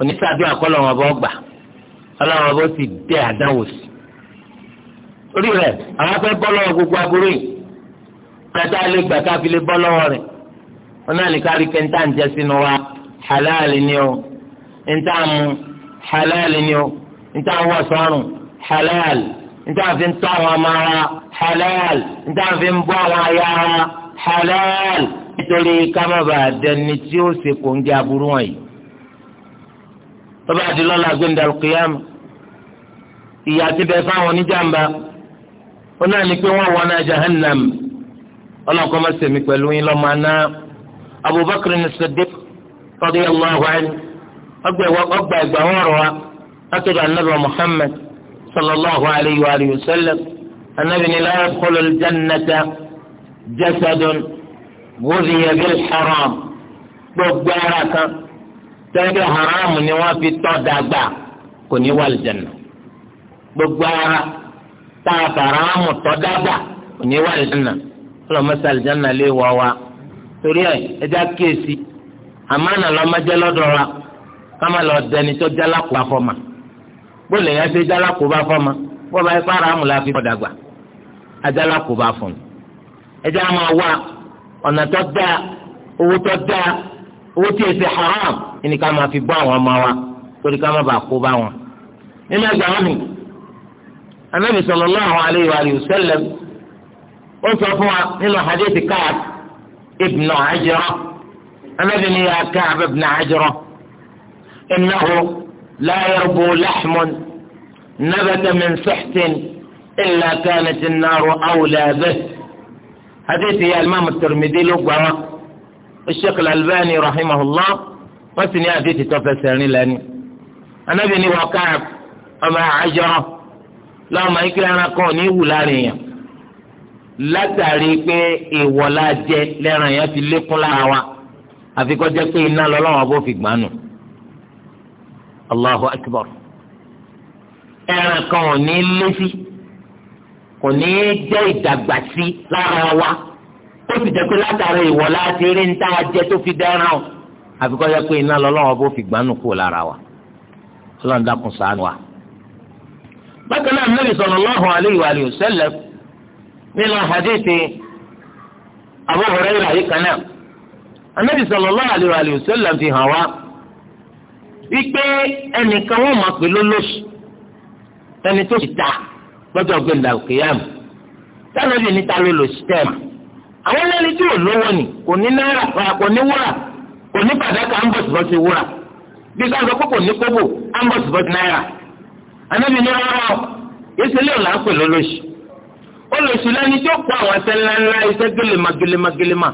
onítàdúrà kọ́ lọ́wọ́ bọ́ gbà ọlọ́wọ́ bó ti dé àdáwò sí. orí rẹ̀ àwọn afẹ́ bọ́ lọ́wọ́ gbogbo aburú yìí tata lè gbà ká fi lè bọ́ lọ́wọ́ rẹ̀ ọ̀nà nìkárí kẹntà ń jẹ sínú wa halali ni o ntà mu halali ni o ntà wọ̀ sọ́run halali ntà fi ń tọ́ àwọn ọmọ wa halali ntà fi ń bọ́ àwọn aya wa halali nítorí ká dẹni tí ó ṣe ń gé aburú wọ̀nyí bàbá àdìlọ́lá gbẹ̀ndàlù kìyàmù ìyá ti bẹ fáwọn oníjàmbá ó náà ní pé wọ́n wọ náà jahannam ọlọ́kọ́ má sèmi pẹ̀lú yín lọ́mọ aná abubakar ní sadiq radiyallahu anhu ọgbà ẹgbà wọn rọ wa látọ̀dọ̀ anabi muhammad sallallahu alayhi wa alihi wa sallam anabi ni la yadkhulu jannata jasadun wudhiya bil haram gbogbo ara kan. sẹ́ńdẹ̀ haramu ni wọ́n fi tọ́ dàgbà kò ní wà gbogbo ara tá a faramu tọ́ dàgbà kò ní wà lè wọ́ wa torí ẹja lọ́mọdé lọ́dọ̀ wa lọ dẹni tó jálàkó bá fọ́ma bóòlù yẹn ṣe jálàkó bá fọ́ma bó ba haramu la fi tọ́ owó tí ẹsẹ̀ haram ẹni ká máa fi bọ́ àwọn ọmọ wa torí ká má bàa kó bá wọn. nínú ẹgbẹ́ wọn ni anabi sallallahu alayhi wa sallam ó sọ fún wa nínú hadithi Ka'b ibn Ajra anabi ni ya Ka'b ibn Ajra innahu la yarbu lahmun nabata min sihtin illa kanat an-naru awla bihi hadithi yà al-imam at-Tirmidhi ló gbà Sheikh Al-Albani rahimahullah wọ́n sì ní àdéhìí tó fẹsẹ̀ rìn lẹ́ni. anábì ní wọ́n ká ọmọ àjọrọ̀ lọ́mọ ike ẹranko ní ìwù láàrin yẹn látàrí pé ìwọ̀lá jẹ lẹ́ran yẹn ti lékún lára wa àfi kọ́ jẹ́ pé iná lọ́lọ́wọ́ bó fi gbánu. Allahu akbar. ẹran kan ò ní lé sí kò ní jẹ́ ìdàgbàsí lára wa ó sì jẹ́ pé látara ìwọ láti rí ń tá a jẹ tó fi dẹ́ràn o àfi kọ́ jẹ́ pé iná lọ́lọ́wọ́ bó fi gbanú kúrò lára wa ọlọ́run dákun ṣàánú wa. bákan náà Ànábì sallallahu alayhi wa sallam nínú hadithi Abu Hurairah yìí kan náà Ànábì sallallahu alayhi wa sallam fi hàn wá wípé ẹnìkan wọn máa pè lólóṣù ẹni tó ti ta lọ́jọ́ gbẹ̀ndà òkèèyàn tánàbì níta lólóṣù tẹ́ẹ̀mù. àwọn ẹlẹ́ni tí ò lówó ni kò ní náírà kò ní wúrà kò ní pàdákà ambọ̀sibọ̀sì wúrà bí ká sọ pé kò ní kóbò ambọ̀sibọ̀sì náírà anábì ní rárá o yéṣe lè là ń olóṣì lẹni tí ó kó àwọn ẹsẹ ńlá ńlá iṣẹ́ gélema gélema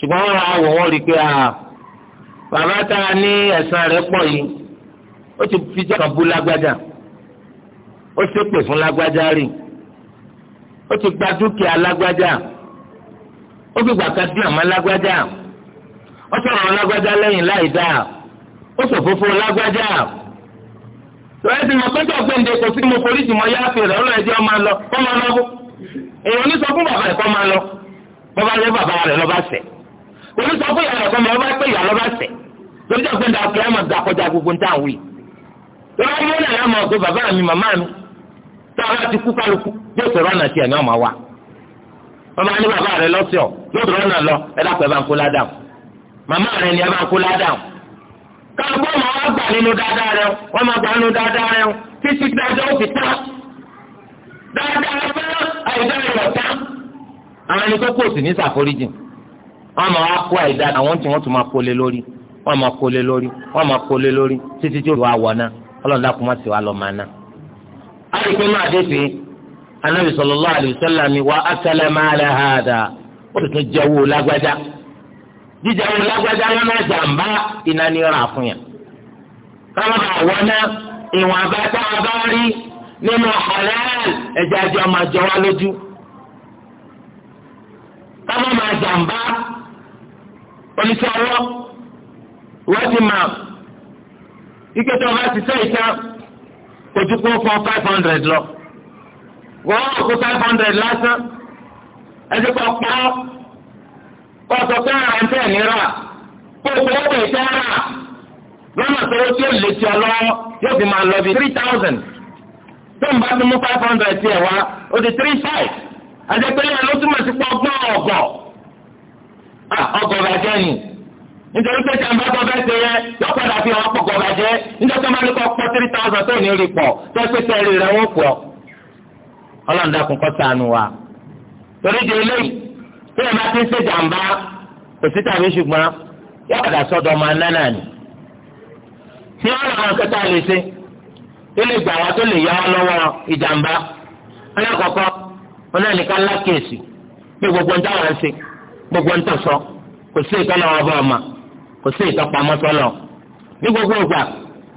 ṣùgbọ́n bàbá tá a ní ẹ̀san rẹ̀ pọ̀ yìí ó ti fi jẹ́ kan bú lágbájá ó ṣépè fún lágbájá rí ó ti gba dúkìá lágbájá ó fi gbàgbá dín àmọ́ lágbájá ó sọ̀rọ̀ lágbájá lẹ́yìn láì dáa ó ṣòfófó lágbájá lọ́yẹ́ ti mọ pẹ́ntẹ́ ọ̀gbẹ́ǹde kò sí mo polisi mọ yáàfin rẹ̀ ọlọ́yẹ jẹ́ ọmọ lọ kọ́ máa lọ bó èèyàn ní sọ fún bàbá rẹ̀ kọ́ máa lọ bàbá rẹ̀ bàbá rẹ̀ lọ́ba sẹ̀ kò ní sọ fún ìyá rẹ̀ kọ́ máa lọ́ba pé ìyá lọ́ba sẹ̀ torí jẹ́ pẹ́ńdà ọ̀kẹ́ àmọ̀ ga kọjá gbogbo níta àwìn lọ́wọ́ yóò nà bàbá mi màmá mi tá a ti kú kálukú yóò sọ̀rọ̀ ọ̀nà tiẹ̀ ní ọmọ wa màmá ní bàbá rẹ lọ́sọ̀ọ́ yóò sọ̀rọ̀ ọ̀nà lọ ẹ dàpọ̀ ẹ bá ń kó màmá rẹ ni ẹ bá ń kó ládàm kálukú ọmọ wa gbà nínú dáadáa wọ́n máa gbà nínú dáadáa fi wọ́n máa kó lé lórí máa kó lé lórí títí tí olùwà wọ̀ náà ọlọ́run dàkú má sì wá lọ́ọ́ A ná. àdìpé máa dé pé anábì sallallahu ha dà ó sì tún jẹ́ owó lágbájá jíjẹ owó lágbájá wọn máa káwọn wọ́n náà ìwọ̀n àbẹ́tọ́ bá rí nínú halal ẹ̀jẹ̀ àjọ máa wọ́n ti máa ike tó o bá ti sẹ́ ìta kojú kó fọ́ five hundred lọ wọ́n wọ́n kó five hundred lásán ẹtí kọ́ pọ́ kọ́ sọ pé ara ń tẹ̀ nira kó o kọ́ pé ìta rà lọ́nà tó o tí ó lè ti ọ lọ́wọ́ yóò fi máa lọ bí three thousand tó n bá ti mú five hundred tiẹ̀ wá o di three five àti pé yẹn ló túmọ̀ sí pọ́ gbọ́ ọ̀gọ̀ ah, ọ̀gọ̀ bàjẹ́ ni. nítorí pé jàǹbá tó fẹ́ ṣe yẹn yóò padà fi hàn pọ̀ gọ̀gà jẹ́ nítorí máa ní kọ́ pọ̀ three thousand tó ní rí pọ̀ tó ṣe tẹ̀lé rẹ̀ wọ́n pọ̀ ọlọ́run dákun kó ṣàánú wa. torí di eléyìí tí ẹ̀ bá ti ń ṣe kò sí tàbí ṣùgbọ́n yóò padà sọ́dọ̀ nánà ni. tí wọ́n lọ àwọn lè ṣe tó lè gbà wá tó lè yá lọ́wọ́ kò sí ìtọ́pamọ́ sọ́lọ̀ ní gbogbo ìgbà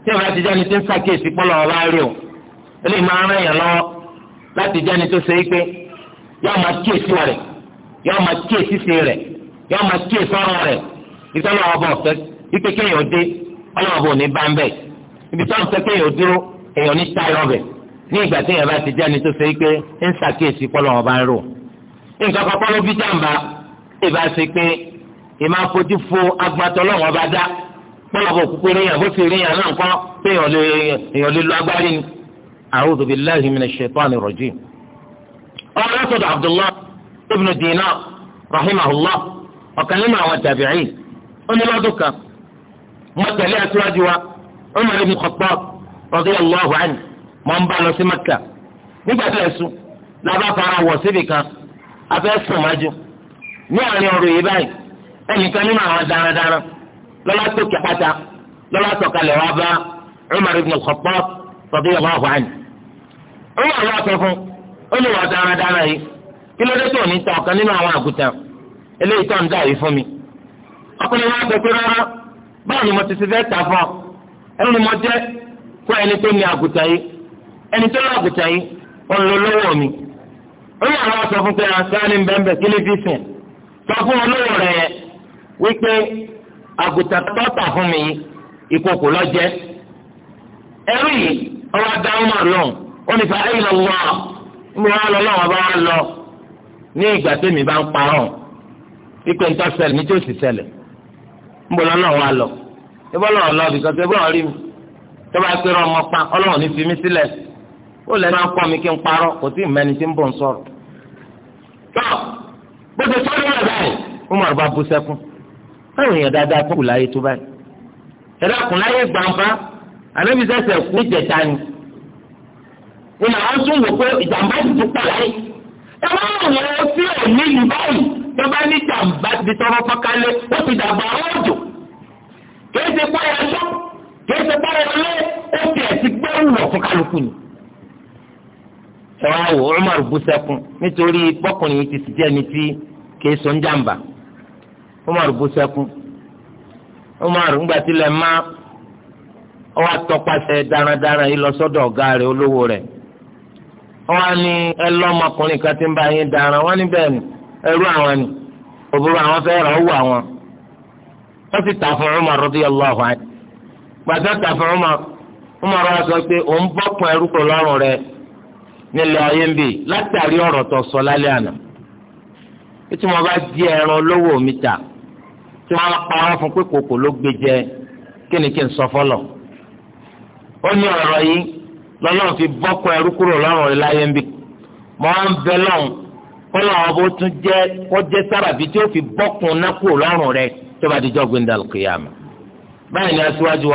tí ìwà ti jẹ́ni tó ń ṣàkíyèsí pọ́lọ̀ ọba rí o eléyìí máa ń ràn yàn lọ́wọ́ láti jẹ́ni tó ṣe é pé yóò máa kíyèsí rẹ̀ yóò máa kíyèsí sí rẹ̀ yóò máa kíyèsí ọ̀rọ̀ rẹ̀ ìtọ́lọ̀ ọba ọ̀fẹ́ ipe kéèyàn dé ọlọ́ọ̀bù ò ní bá ń bẹ̀ ibi tó ń fẹ́ kéèyàn dúró èèyàn ní tayọ̀ bẹ̀ ní ìgbà tí èèyàn bá ti jẹ́ni tó ṣe é pé ń ṣàkíyèsí pọ́lọ̀ ìmọ̀ afọ́jú fo agbátọ́ lọ́wọ́ bá dá pọ́lọ́bù kúkú ríyàn bó sì ríyàn náà kọ́ pé èèyàn lè lo agbárí ni. a'udhu billahi minash shaitani rajim. ọ̀rọ̀ lọ́sọ̀dọ̀ abdullah ibn dina rahimahullah ọ̀kan nínú àwọn tàbí'in ó ní lọ́dún kan ń bá lọ sí nígbà ẹ̀sùn wọ̀ ẹnìkan nínú àwọn darandaran lọ́la tó kí lọ́la sọ̀kalẹ̀ wá bá Umar ibn al-Khattab radiyallahu anhu. Umar wá sọ fún ó darandaran yìí kí ló dé tó ní ta ọ̀kan nínú àwọn eléyìí tó ń dà yìí fún mi. ọkùnrin pé rárá báwo ni mo ti ti fẹ́ ta fún ọ ẹni ni mo jẹ́ fún ẹni tó ní yìí ẹni tó ní yìí ó ń lo ni fi sọ fún olówó wípé àgùntàn tó tà fún mi ìkòkò lọ́jẹ́ ẹrú yìí lọ ó ní fa ẹ̀yìn lọ́wọ́ mi wá lọ bá wá lọ ní ìgbà tèmi bá ń parọ́ wípé ń tọ́ tí ó sì ń bọ̀ lọ lọ́wọ́ lọ rí mi tó bá ọmọ pa ọlọ́wọ́ ní fi mí sílẹ̀ ó lẹ́nu mi kí n báwọn èèyàn dáadáa tó kù láyé tó báyìí ẹ̀rọ àkùnláyé gbàǹfà ànábi sẹ̀sẹ̀ kú ìjẹta ni ìlà wọn tún wò pé ìjàmbá ti tún pọ̀ láyé ẹ wá àwọn ọ̀rọ̀ sí òní yìí báyìí tó bá ní ìjàmbá ti tọrọ pọ́kálé ó ti dàgbà ọ̀jọ̀ kìí ṣe ya ṣọ́ kìí ṣe pọ́yà lé ó ti kálukú ni ẹ wá Umar nítorí pọ́kùnrin ti Umar bú sẹ́kún Umar ńgbà tí lè má ọwọ́ àtọ́pàṣẹ darandaran yìí lọ sọ́dọ̀ ọ̀gá rẹ̀ olówó rẹ̀ ní ẹlọ́mọkùnrin kan tí ń bá yín daran wọ́n ni ẹrú àwọn ni òbúrò àwọn fẹ́ àwọn wọ́n ti tà fún Umar gbàtà tà fún Umar Umar wa sọ pé òun ẹrú kò lọ́rùn rẹ̀ nílẹ̀ ayé ń bì látàrí ọ̀rọ̀ tó sọ lálẹ́ àná bá tí wọ́n pa wọ́n fún pé kòkò ló gbé kí ni kí n sọ fọlọ. ó ní ọ̀rọ̀ yìí lọ́lọ́run fi bọ́kọ ẹrú kúrò lọ́rùn rẹ̀ láyé ń bì mọ́ ń bẹ lọ́hùn kọ́lọ́ ọ bó tún jẹ́ kó jẹ́ sábàbí tí ó fi bọ́kùn lọ́rùn tó bá dijọ́ gbẹ̀ndà báyìí ni aṣíwájú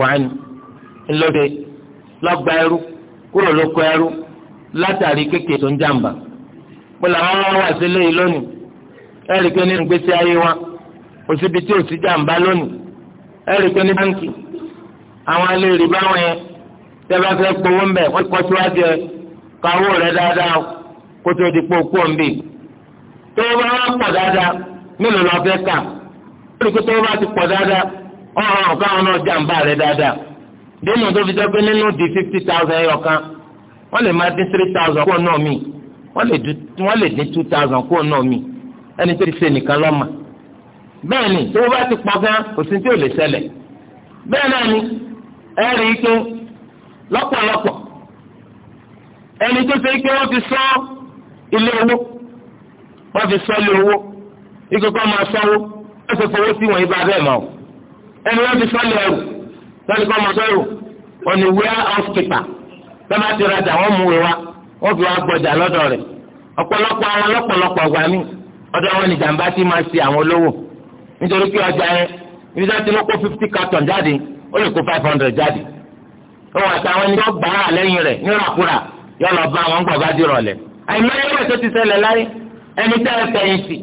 wa ńlọ́dẹ lọ́gba ẹrú kúrò lóko ẹrú látàrí kékeré ẹ̀rí pé nínú gbèsè ayé wa òsibí tí òsì jàǹbá lónìí ẹ̀rí pé ní báńkì àwọn alẹ́ rí báwọn yẹn tẹ́lá fẹ́ gbowó ń bẹ̀ wọ́n kọ́ síwájú ẹ káwó rẹ dáadáa kó tó di pé okú òǹbì tó bá wà pọ̀ dáadáa mélòó lọ fẹ́ kà ẹ̀rí tó bá ti pọ̀ dáadáa ọ̀rọ̀ káwọn náà jàǹbá rẹ dáadáa dénú tó fi jẹ́ pé nínú di fifty thousand ẹyọ kan wọ́n lè má dín three thousand kó náà mì wọ́n lè dín two thousand kó náà mì ẹni tó ti ṣe nìkan lọ́mà bẹ́ẹ̀ ni tó bá ti pọ̀ gan kò sí tí ò lè ṣẹlẹ̀ bẹ́ẹ̀ náà ni ẹ rí i pé lọ́pọ̀lọpọ̀ ẹni tó ṣe pé wọ́n fi sọ ilé owó wọ́n fi sọ ilé owó ikú kọ́ máa sanwó wọ́n fi fowó sí wọ̀nyí bá bẹ́ẹ̀ mọ́ ẹni wọ́n fi sọ ilé ẹrù lọ́ni kọ́ máa sọ wọ́n ni warehouse keeper tọ́ba ti rajà wọ́n mú wa wọ́n fi wá gbọ́jà lọ́dọ̀ rẹ̀ ọ̀pọ̀lọpọ̀ àwọn lọ́pọ̀lọpọ̀ ọ̀gbà míì ọ̀dọ̀ àwọn nìjàmbá ti máa ṣe àwọn olówó nítorí pé ọjà yẹn ibi tí wọ́n kó fifty carton jáde ó lè kó five hundred jáde òun àtàwọn ẹni tó gbà á lẹ́yìn rẹ̀ níràkúrà yọ lọ bá àwọn gbọ̀gbá di rọ̀lẹ́ àìmọ́lẹ́wẹ̀ tó ti ṣẹlẹ̀ láyé ẹni tẹ́ ẹ fẹ̀yìn sí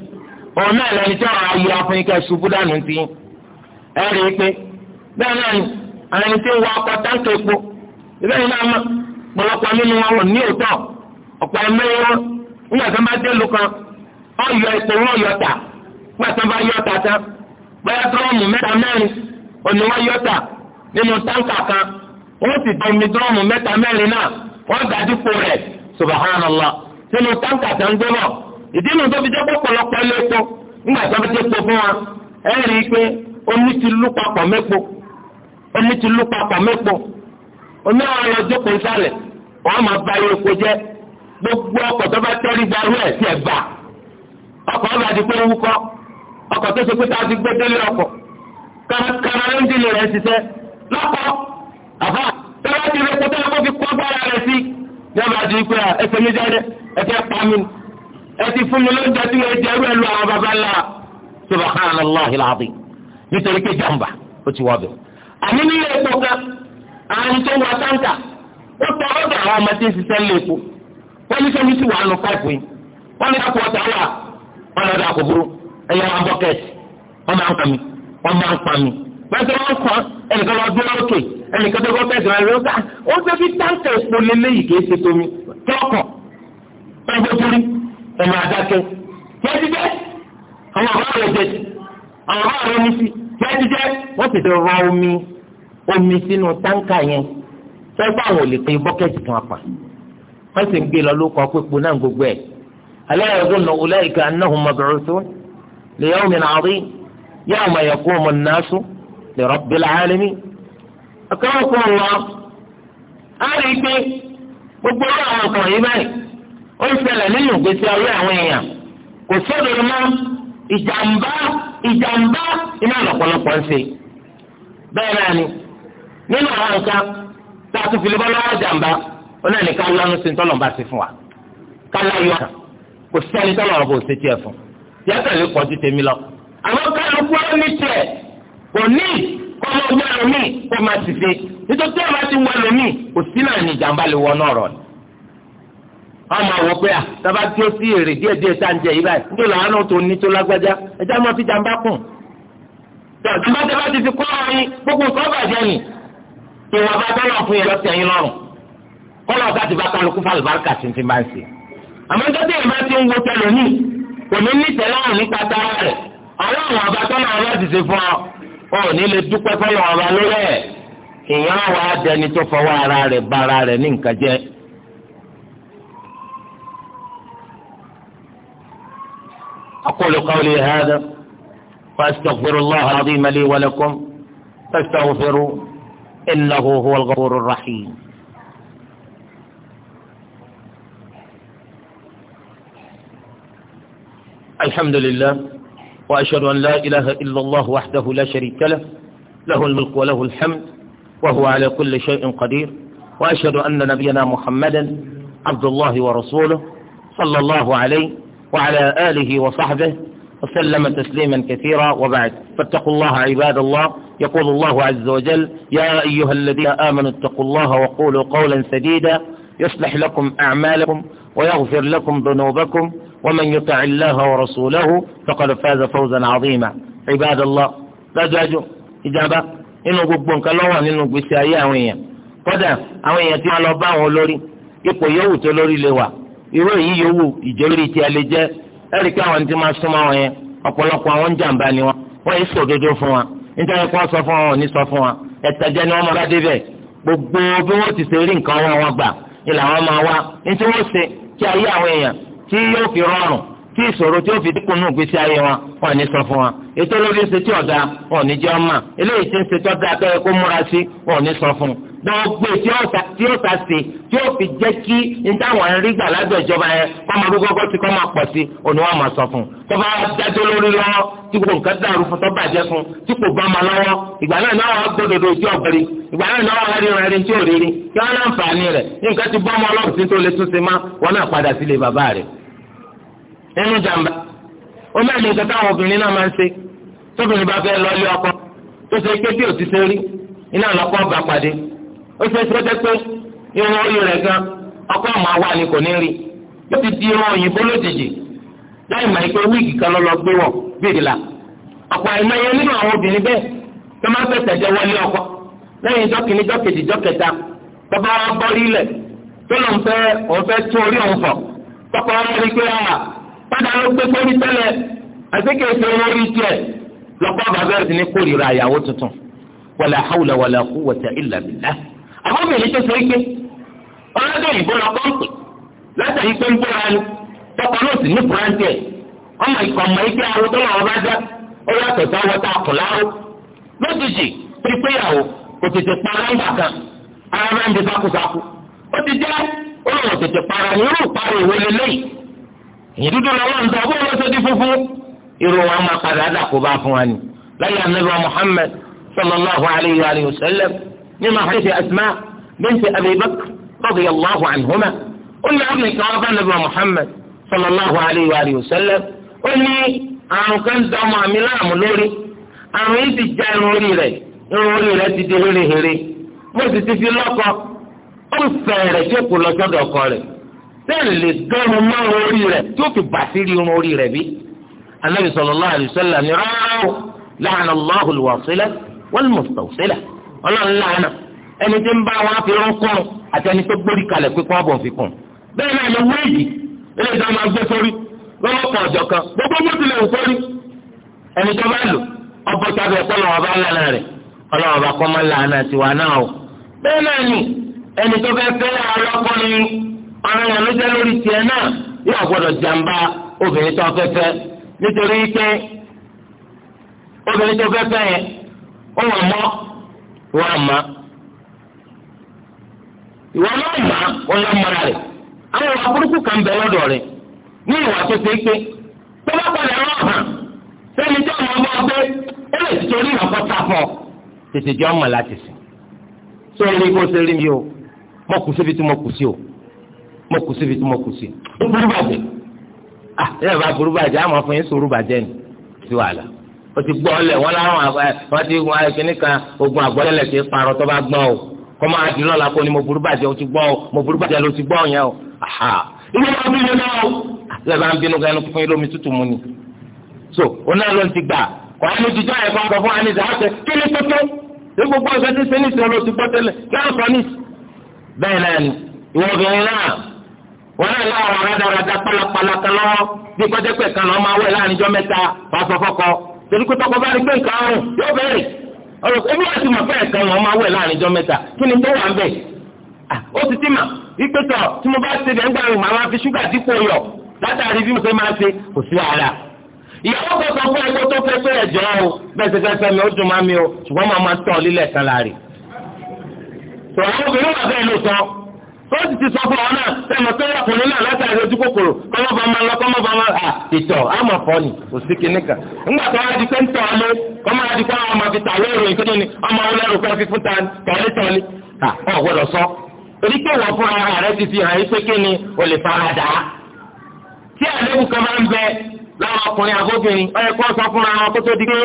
òun náà lẹni tí ọ̀rọ̀ ayé ṣubú dànù ti ẹ rí i pé bẹ́ẹ̀ ọyọ ètò wọn yọ ta pàtó bá yọ ta tán bóyá dúrọ́ọ̀mù mẹ́ta mẹ́rin òní wọn yọ ta nínú táǹkà kan wọ́n sì dá omi dúrọ́ọ̀mù mẹ́ta mẹ́rin náà wọ́n dájú po rẹ̀ subhanallah nínú táǹkà tó ń gbé bọ̀ ìdí nu tó fi jẹ́ pọ̀pọ̀lọpọ̀ ilé epo ńgbà tó fi jẹ́ po fún wa ẹ rí i pé omi ti lú papọ̀ mẹ́po omi ti lú papọ̀ mẹ́po omi àwọn ọlọ́jọ́ kò sálẹ̀ wọ́n máa ba ilé epo jẹ́ gbogbo ọkọ̀ tó bá tẹ́rí gbarú ẹ̀ sí ẹ̀ bá ọkọ ọba àdìpọ̀ kọ ọkọ tó ṣe pé ká ti gbé délé ọkọ̀ kára ẹ́ńdínlẹ̀ rẹ̀ ṣiṣẹ́ lọ́kọ̀ àbá tẹ́lá ti rẹ̀ kótó ẹ̀kọ́ fi kó agbára rẹ̀ sí ní ọba àti ikú ẹsẹ̀ mi jáde ẹsẹ̀ pa mi fún mi ẹrú àwọn baba ńlá nítorí pé ó ti wọ́ bẹ̀. àmì nílé epo àwọn tó ó tọ́ ọ́dọ̀ àwọn wọn lọ sí àkókòrò ẹyẹ wọn bọkẹtì wọn máa ń pa mi wọn máa ń pa mi pẹ̀lú wọn kàn ẹnìkan lọ dúró lókè ẹnìkan tó kọ́ bẹ́ẹ̀ sọ̀rọ̀ ẹ̀rọ ká ó ṣe fi táǹkì epo lélẹ́yìí kì í ṣe àwọn àwọn ti rọ omi omi sínú táǹkà yẹn lè pe kan pa ألا يظن أولئك أنهم مبعوثون ليوم عظيم يوم يقوم الناس لرب العالمين أكرمكم الله أريد gbogbo àwọn ọkàn yìí báyìí ó ń ṣẹlẹ̀ nínú ìgbésí ayé àwọn èèyàn kò sódò mọ́ ìjàmbá ìjàmbá iná lọ́pọ̀lọpọ̀ ń ṣe bẹ́ẹ̀ náà ni nínú àwọn nǹkan tá a tún fi lè bọ́ lọ́wọ́ ìjàmbá ó náà ní ká lọ́nu sí ní tọ́lọ́mbà ti fún wa ká láyọ̀ kan kò sẹ́ni tọ́lọ̀ ọ̀bọ̀ òsè tiẹ̀ fún yàtọ̀ lè kọjú tèmi lọ. àwọn kálukú ọ ní tiẹ̀ kò ní kó lọ gbé ẹlòmíì kó máa sì fi nítorí tí a bá ti wọ ẹlòmíì kò sí náà ní ìjàmbá lè wọ náà ni. wọ́n máa wọ pé à tábà tí ó sí èrè díẹ̀ díẹ̀ tá à ń jẹ yìí báyìí nítorí àwọn náà tó ní tó lágbájá ẹjá máa fi jàmbá kùn. tọ́jú ti fi kọ́ ọ̀rin gbogbo bá tọ́lọ̀ fún yẹn lọ́sẹ̀ àmọ́ dọ́tí ìmọ̀ ti ń wo tẹlomi kò ní ní tẹ́lọ́rùn nípa tara rẹ̀ ọlọ́run ọba tọ́lá ọlọ́run fún ọ ò ní lè dúpẹ́ fọlọ́ ọba lórí ẹ̀ ìyẹn wà dẹni tó fọwọ́ ara rẹ̀ ba ara rẹ̀ ní nǹkan jẹ́. أقول قولي هذا فأستغفر الله العظيم لي ولكم فاستغفروا إنه هو الغفور الرحيم الحمد لله وأشهد أن لا إله إلا الله وحده لا شريك له له الملك وله الحمد وهو على كل شيء قدير وأشهد أن نبينا محمدا عبد الله ورسوله صلى الله عليه وعلى آله وصحبه وسلم تسليما كثيرا وبعد فاتقوا الله عباد الله يقول الله عز وجل يا أيها الذين آمنوا اتقوا الله وقولوا قولا سديدا يصلح لكم أعمالكم ويغفر لكم ذنوبكم ومن يطع الله ورسوله فقد فاز فوزا عظيما عباد الله dájúdájú ìjàmbá nínú gbogbo nǹkan ló wà nínú gbèsè ayé àwọn èèyàn kódà àwọn èèyàn tí wọ́n lọ bá àwọn olórí ipò yòówù tó lórí lè wà irú èyí yòówù ìjọ lórí tí a lè jẹ ẹrí pé àwọn tí máa súnmọ́ wọn yẹn ọ̀pọ̀lọpọ̀ àwọn jàǹbá ni wọn wọ́n yìí sòdodo fún wa nítorí pé wọ́n sọ fún wọn ò ní sọ fún wa ẹ̀tẹ̀jẹ̀ ni wọ́n máa bá débẹ̀ gbogbo bí wọ́n ti ṣe rí nǹkan wọn wọn gbà ni làwọn máa wá nítorí wọ́n ṣe kí ayé àwọn èèyàn tí yóò fi rọrùn tí ìṣòro tí ó fi dínkù nù gbèsè ayé wọn wọn ní sọ fún wọn ètò olórí ṣe tí ọ̀dà wọn ní jẹ́ ọmọ eléyìí tí ń ṣe tọ́ da akẹ́yẹ kó múra sí wọn ní sọ fún un. gbogbo tí ó ta sí tí ó fi jẹ́ kí n táwọn ń rí gbà lábẹ́ ìjọba yẹn kọ́ máa gbogbo tí kọ́ máa pọ̀ sí òní wọn máa sọ fún un. tọ́ba dájọ́ lórí lọ́wọ́ tí kò nǹkan dàrú fún tọ́ba jẹ́ fún tí kò bá máa lọ́wọ́ ìgbà náà náà wọ́n gbódòdó tí ó bẹ̀rẹ̀ ìgbà náà náà wọ́n ríran ẹni tí ò rírí kí wọ́n náà ń fà ní rẹ̀ nǹkan ti bọ́ ọmọ ọlọ́run nínú jàmbá ó mẹ́rin nǹkan táwọn obìnrin náà máa ń ṣe tóbìnrin bá fẹ́ lọ́ọ́lé ọkọ tó ṣe pé bí òtítọ́ rí iná lọ́kọ́ ọba pàdé ó ṣe ṣe pé irun orí rẹ̀ gan ọkọ máa wà ní kò ní rí ó ti di irun òyìnbó lójijì láì máa pé wíìgì kan lọ́lọ́ gbé wọ̀ bìrìlà ọ̀pọ̀ nínú àwọn obìnrin bẹ́ẹ̀ tó máa fẹsẹ̀ jẹ wọlé ọkọ lẹ́yìn padà ló gbé sórí tẹ́lẹ̀ àti kèsì lórí tiẹ̀ lọ́kọ́ bàbẹ́rẹ́ ti ní kórìíra ìyàwó tuntun wala hawla wala quwwata illa billah àbọ̀bìnrin tó so ike ọlọ́dún òyìnbó lọ kọ́ǹpì látàrí pé ń bóra ni tọkọ náà sì ní fúráǹtì ẹ̀ ọmọ ìkọ̀ ọmọ ike àwọn tó lọ́wọ́ ìyẹn dúdú lọ́wọ́ ń sọ bóun ló ṣe di funfun irú wa máa padà dàkú bá fún wa ni láyé anábìá Muhammad sallallahu alayhi wa sallam nínú àfẹ́sẹ̀ asma bẹ́ńtì abibakar radiyallahu anhuma ó ní àbùnì kan wá bá anábìá Muhammad sallallahu alayhi wa sallam ó ní àrùn kan dá ọmọ mi láàmú lórí àrùn yìí ti já irun orí rẹ̀ irun orí rẹ̀ ti di hérehère mo sì ti fi lọ́kọ ó fẹ̀rẹ̀ tí kù lọ sọ́dọ̀ rẹ̀ bẹ́ẹ̀ lè dọ́run mọ́ orí rẹ̀ tó fi bàtírí irun orí rẹ̀ bí. anabi sallallahu alaihi wasallam ni rárá o la'ana Allahu al-wasila wal-mustawsila Ọlọ́run làánà ẹni tí ń bá wọn fi rán kún àti ẹni tó gbórí kalẹ̀ pé kó ọbọ fi kún. bẹ́ẹ̀ náà ni wéèjì ilé ìjọba máa gbé sórí lọ́wọ́ kan ọ̀jọ̀ kan gbogbo bó tilẹ̀ ń sórí. ẹni tó bá lò ọbọ tàbí ẹ̀kọ́ lọ́wọ́ bá lánàá rẹ̀ ọlọ́wọ́ bá kọ́ máa làánà tiwa náà o. bẹ́ẹ̀ náà ni ẹni tó fẹ́ fẹ́ ọ̀rọ̀ yẹn ló jẹ́ lórí tiẹ̀ náà yóò gbọ́dọ̀ jàǹbá obìnrin tó fẹ́ nítorí pé obìnrin tó fẹ́ yẹn ó wà mọ́ wà má ìwọ náà má ó lọ mọ́ra rẹ̀ àwọn ìwà burúkú kan bẹ lọ́dọ̀ ní ìwà tó ṣe pé tó bá padà hàn tó ó lè torí tètè o Mọ kù síbi tí mo o. mo kù síbi tí mo kù sí ó burú bàjẹ́ à ah, ilé ìbá burú bàjẹ́ àmọ́ fún yín sùúrù bàjẹ́ ni sí wàhálà ó ti gbọ́ ọlẹ̀ wọn láwọn wọn ti wọn kìíní kan ogun àgbọ̀lẹ̀lẹ̀ ti parọ́ tó bá gbọ́n o kọ́ máa di lọ́la kó ni mo burú bàjẹ́ o ti gbọ́n o mo burú bàjẹ́ ló ti gbọ́n yẹn o aha ilé ìbá bínú náà o ilé ah, ìbá bínú gan ẹnu fún ilómi tútù mu ni so oná ló ti gbà kọ́ ẹni jíjọ́ ẹ̀ kọ́ fún ẹni ìdáhàṣẹ kí ni tó tó ní gbogbo ọ̀sẹ̀ tí sẹ́ni ìṣòro ti gbọ́ tẹ́lẹ̀ wọn náà láwọn rádaràda pálapàla kan lọ́wọ́ bí pẹ́tẹ́pẹ́ kan lọ́ọ́ máa wẹ̀ láàrin jọ́ mẹ́ta wàá sọ fọ́kọ torí pé tọkọ bá rí pé nǹkan ọrùn yóò bẹ̀rẹ̀ ọ̀rọ̀ ebi wá ti mọ̀ fẹ́ẹ̀ kan lọ́ọ́ máa wẹ̀ láàrin jọ́ mẹ́ta kí ni tó wà ń bẹ̀ ó ti ti mà wípé tọ̀ tí mo bá ṣe dẹ̀ ń gbà rìn màá fi ṣúgà dípò yọ̀ látàrí bí mo ṣe máa ṣe kò sí ara ìyàwó kan sọ fún ẹgbẹ́ tó fẹ́ pé ẹ̀jọ́ o bẹ́ẹ̀ ṣe fẹ́ fẹ́ mi ó dùn má o ṣùgbọ́n ó sì ti sọ fún ọ náà sẹ́mi tó yà kùnú náà látàrí ojú kòkòrò kọ́mọ́bà máa lọ kọ́mọ́bà máa à ìtọ̀ àmọ̀ fọ́ ni kò sí kinní kan. ńgbà tó wá di pé ń tọ̀ ọ́ lé kọ́mọ́ wá di pé àwọn ọmọ fi tà lóòrò ìkíni ni ọmọ wọn lẹ́rù pé fífún ta tọ̀lé tọ̀lé. ọ̀ gbọ́dọ̀ sọ torí pé wọ́n fún ara rẹ ti fi hàn yí pé kí ni o lè fara dà á. tí àléébù kan máa ń bẹ láwọn ọkùnrin àbóbìnrin ó yẹ kó sọ fún ara wọn kó tó di pé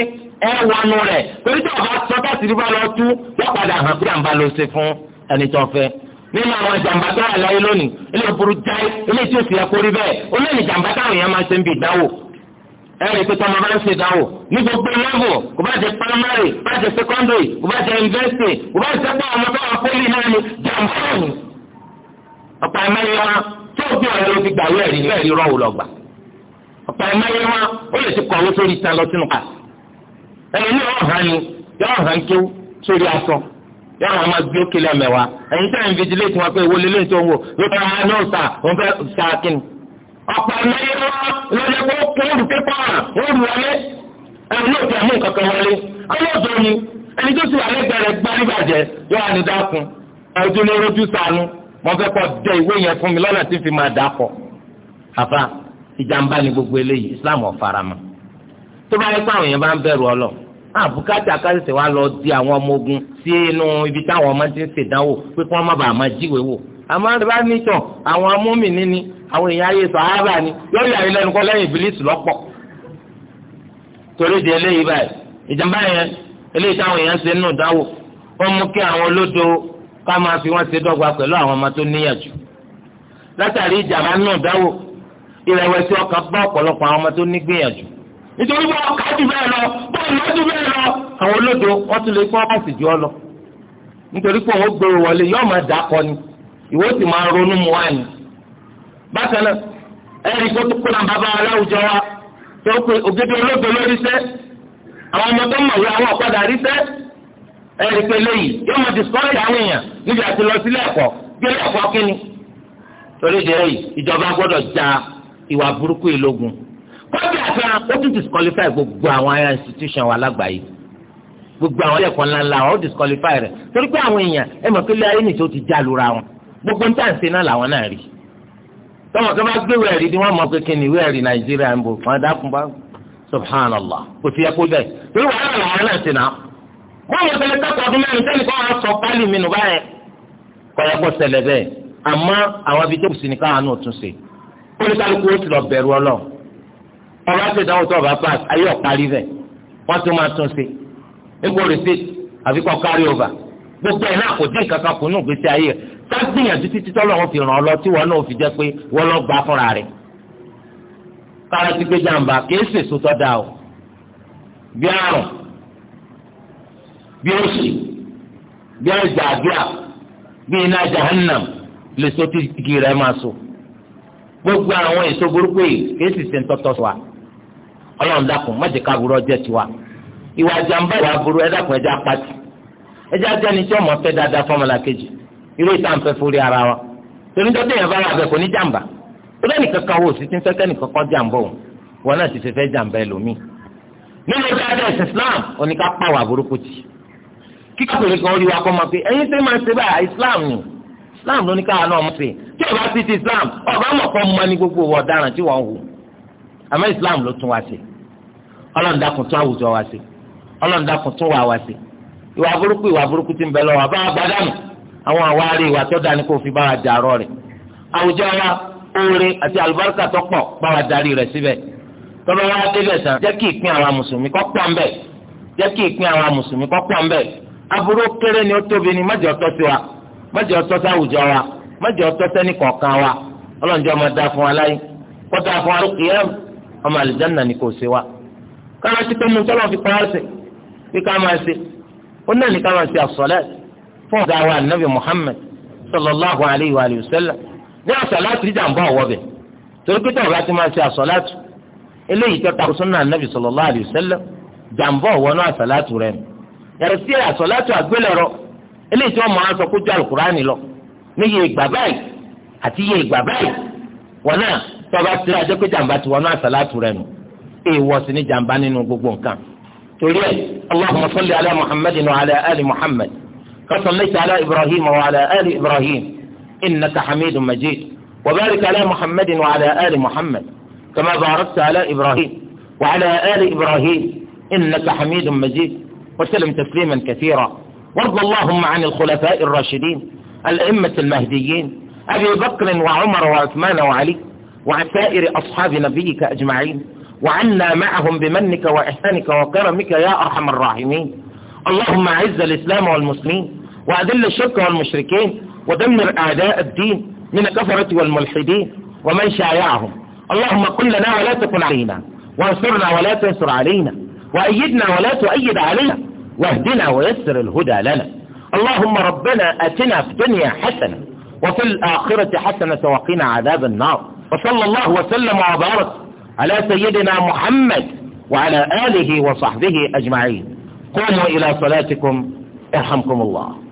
ẹ wọnú rẹ torí tí ọba sọtà sí ibà lọ tú wọn padà hàn pé à ń ba lọ sí fún ẹni tó fẹ́ nínú àwọn jàǹbá tó wà láyé lónìí ilé burú jáì ilé tí ó sì yẹ kó rí bẹ́ẹ̀ olóyìn jàǹbá táwọn èèyàn máa ń ṣe ń bi ìdánwò ẹ̀rì pé tọ́mọ bá ń ṣe ìdánwò ní gbogbo lẹ́vù kò bá jẹ primary kò bá jẹ secondary kò bá jẹ university kò bá jẹ pé ọmọ tó wà náà ni jàǹbá ni. ọ̀pọ̀ ẹ̀mẹ́yẹ wa tí ó yọ àwọn ọmọ gbé òkèlè mẹwàá ẹyin tí a invigilate wọn pé ìwo lélẹ tó ń wò ló bá wọn náà sà ó ń fẹ́ sà kíni. ọ̀pọ̀ ẹ̀mẹ́yẹ wá lọ́dẹ kó kó olù pépà olù wọlé ẹ̀rù náà ti àmú nǹkankan wọlé ọlọ́dọ̀ ni ẹni tó sì wà lẹ́gbẹ̀ẹ́ rẹ̀ gbá níbàjẹ́ yọ àní dákun ojú ní rojú sànú mo fẹ́ kọ́ dẹ ìwé yẹn fún mi lọ́nà tí fi máa dàpọ̀ àfa ìjàmbá ni Islam ọ̀ farama tó bá yẹ pé àwọn èèyàn bá ń bẹ̀rù Ọlọ́run àbùkátà ah, kásìsì wa lọ di àwọn ọmọ ogun sí inú ibi táwọn ọmọ ti ń ṣèdánwò pé kí wọ́n má bàa máa jíwèé wò àmọ́ bá nìtàn àwọn amúmìnì ni àwọn èèyàn ayé sàhábà ni yọ̀ọ́ yà ilẹ̀ nǹkan lẹ́yìn ìbílísì lọ́pọ̀ torí di eléyìí báyìí ìjàmbá yẹn eléyìí táwọn èèyàn ṣe nínú ìdánwò wọ́n mú kí àwọn olódo ká máa fi wọ́n ṣe dọ́gba pẹ̀lú àwọn ọmọ tó níyànjú látàrí ìjàmbá nínú ìdánwò ìrẹ̀wẹ̀sì ọkàn bá ọ̀pọ̀lọpọ̀ àwọn ọmọ tó nígbìyànjú nítorí wọn kà á jù bẹ́ẹ̀ lọ bọ́ọ̀lù lọ́ jù lọ àwọn olódo wọ́n tún lè fún ọ́ jù ọ lọ nítorí pé òun gbèrò wọlé yóò máa dà kọ ni ìwọ sì máa ronú mu ni bákan náà ẹ̀rí kó tó kó náà bàbá wa wa tó ògidì olóògbé lórí sẹ́ àwọn ọmọ tó mọ̀wé àwọn rí sẹ́ ẹ̀rí pé léyìí lọ sílé kọ́bí àgbà ó tún disqualify gbogbo àwọn ayé institution wa lágbàáyé gbogbo àwọn ẹ̀kọ́ ńláńlá ó disqualify rẹ̀ torí pé àwọn èèyàn ẹ mọ̀ pé ilé ayé nìṣó ti já lura wọn gbogbo níta ṣe náà làwọn náà rí tọmọ kí wọn gbé wẹẹrí ni wọn mọ pé kíni wẹẹrí nàìjíríà ń bò wọn dákun bá subhanallah kò sí ẹkú bẹ́ẹ̀ torí wàhálà làwọn náà ṣe náà wọn mọ tẹ́lẹ̀ kẹkọọ ọdún mẹ́rin tẹ́lẹ̀ kọ wọn sọ pálí mi nù báyẹn kọyọ kọ ṣẹlẹ̀ bẹ́ẹ̀ àmọ́ àwọn ibi tó kù sí ni káwọn náà tún ṣe oníkálukú ó ti lọ bẹ̀rù Ọlọ́run ọba ṣe ìdánwò tó ọba pass ayé ọ̀parí bẹ̀ wọ́n tún máa tún ṣe epo receipt àfikọ́ carry over gbogbo ẹ̀ náà kò dín kankan kù nù gbèsè ayé rẹ̀ tá gbìyànjú títí tọ́lọ̀ wọn fi ràn ọ́ lọ tí wọn náà fi jẹ́ pé wọ́n lọ gbà fúnra rẹ̀ kára ti gbé jàǹbá kìí ṣèṣò tó dáa o bí àrùn bí òṣì bí àjàgbéà bí iná jahannam lè so tí igi rẹ̀ máa so gbogbo àwọn èso burúkú yìí kìí sì ṣe ń tọ́tọ́ sọ wa ọlọ́run dákun mọ̀jẹ̀ káburú ọjọ́ tiwa ìwà jàǹbá ìwà burú ẹ dákun ẹjẹ́ apáti ẹjẹ́ ajẹ́ni tí ọmọ fẹ́ dáadáa fọ́mọlá kejì irú ìta ń fẹ́ fúri ara wa torí tó déyàn bá wà bẹ́ẹ̀ kò ní jàǹbá torí ẹnìkan kan wò sí ti ń fẹ́ kẹ́nìkan kọ́ jàǹbá òun wọn náà ti fẹ́ fẹ́ jàǹbá ẹlòmíì nínú dáadáa ẹ̀sìn Islam oníkà pàwọ́ àbúrúkú ti kíkàkùnrin kan orí wa kọ́ máa fi Islam ni Islam lóníkà náà mọ̀ sí tí ti ti Islam ọba mọ̀ kọ́ mọ́ ní gbogbo ọ̀daràn àmọ́ islam ló tún wá sí ọlọ́run dákun tún àwùjọ wá sí ọlọ́run dákun tún wá wá sí ìwà burúkú ìwà burúkú ti ń bẹ lọ́wọ́ àbá àgbàdànù àwọn àwárí ìwà tó dání kó fi bá wa dàrọ́ rẹ̀ àwùjọ wa oore àti àlùbáríkà tó pọ̀ bá wa darí rẹ̀ síbẹ̀ tọ́lá wa débẹ̀ sàn jẹ́ kí ìpín àwọn mùsùlùmí kó pọ̀ ńbẹ̀ jẹ́ kí ìpín àwọn mùsùlùmí kó pọ̀ ńbẹ̀ aburú kéré ni ó tóbi ni mẹ́jọ tọ́ sí wa mẹ́jọ tọ́ sí àwùjọ wa mẹ́jọ tọ́ sẹ́ni wa ọlọ́njọ́ máa dá fún wa láyé kó dá fún wa lókè yẹn ọmọ àlùjáná ni kò ṣe wa káwọn ti pẹ́ nu tọ́lọ̀ fi pa á ṣe kí ká máa ṣe ó náà ní ká máa ṣe àsọ̀lẹ̀ fún ọ̀gá wa ànábì Muhammad sallallahu alayhi wa sallam ní àsọ̀láàtù ìjà ń bọ̀ ọ̀wọ́ bẹ̀ torí pé tọ́lọ̀ bá ti máa ṣe àsọ̀láàtù eléyìí tó takò sọ́nà ànábì sallallahu alayhi wa sallam jàǹbọ̀ ọ̀wọ́ náà àsọ̀láàtù rẹ̀ yàtọ̀ sí àsọ̀láàtù àgbélẹ̀rọ eléyìí tí tọ́ba ti rà jẹ́ pé jàmbá ti wọnú àsàlátù rẹ̀ nù èèwọ̀ sì ni jàmbá nínú gbogbo nǹkan torí ẹ̀ allahumma sọlẹ alẹ muhammed nù alẹ ali muhammed ka sallaita alẹ ibrahim wa alẹ ali ibrahim inna innaka hamidu majid wa barik ala muhammed nù alẹ ali muhammad kama barakta alẹ ibrahim wa alẹ ali ibrahim innaka hamidun majid وسلم تسليما كثيرا وارض اللهم عن الخلفاء الراشدين الأئمة المهديين أبي بكر وعمر وعثمان وعلي وعن سائر أصحاب نبيك أجمعين وعنا معهم بمنك وإحسانك وكرمك يا أرحم الراحمين اللهم أعز الإسلام والمسلمين وأذل الشرك والمشركين ودمر أعداء الدين من الكفرة والملحدين ومن شايعهم اللهم قل لنا ولا تكن علينا وانصرنا ولا تنصر علينا وأيدنا ولا تؤيد علينا واهدنا ويسر الهدى لنا اللهم ربنا أتنا في الدنيا حسنة وفي الآخرة حسنة وقنا عذاب النار وصلى الله وسلم وبارك على سيدنا محمد وعلى آله وصحبه أجمعين قوموا إلى صلاتكم يرحمكم الله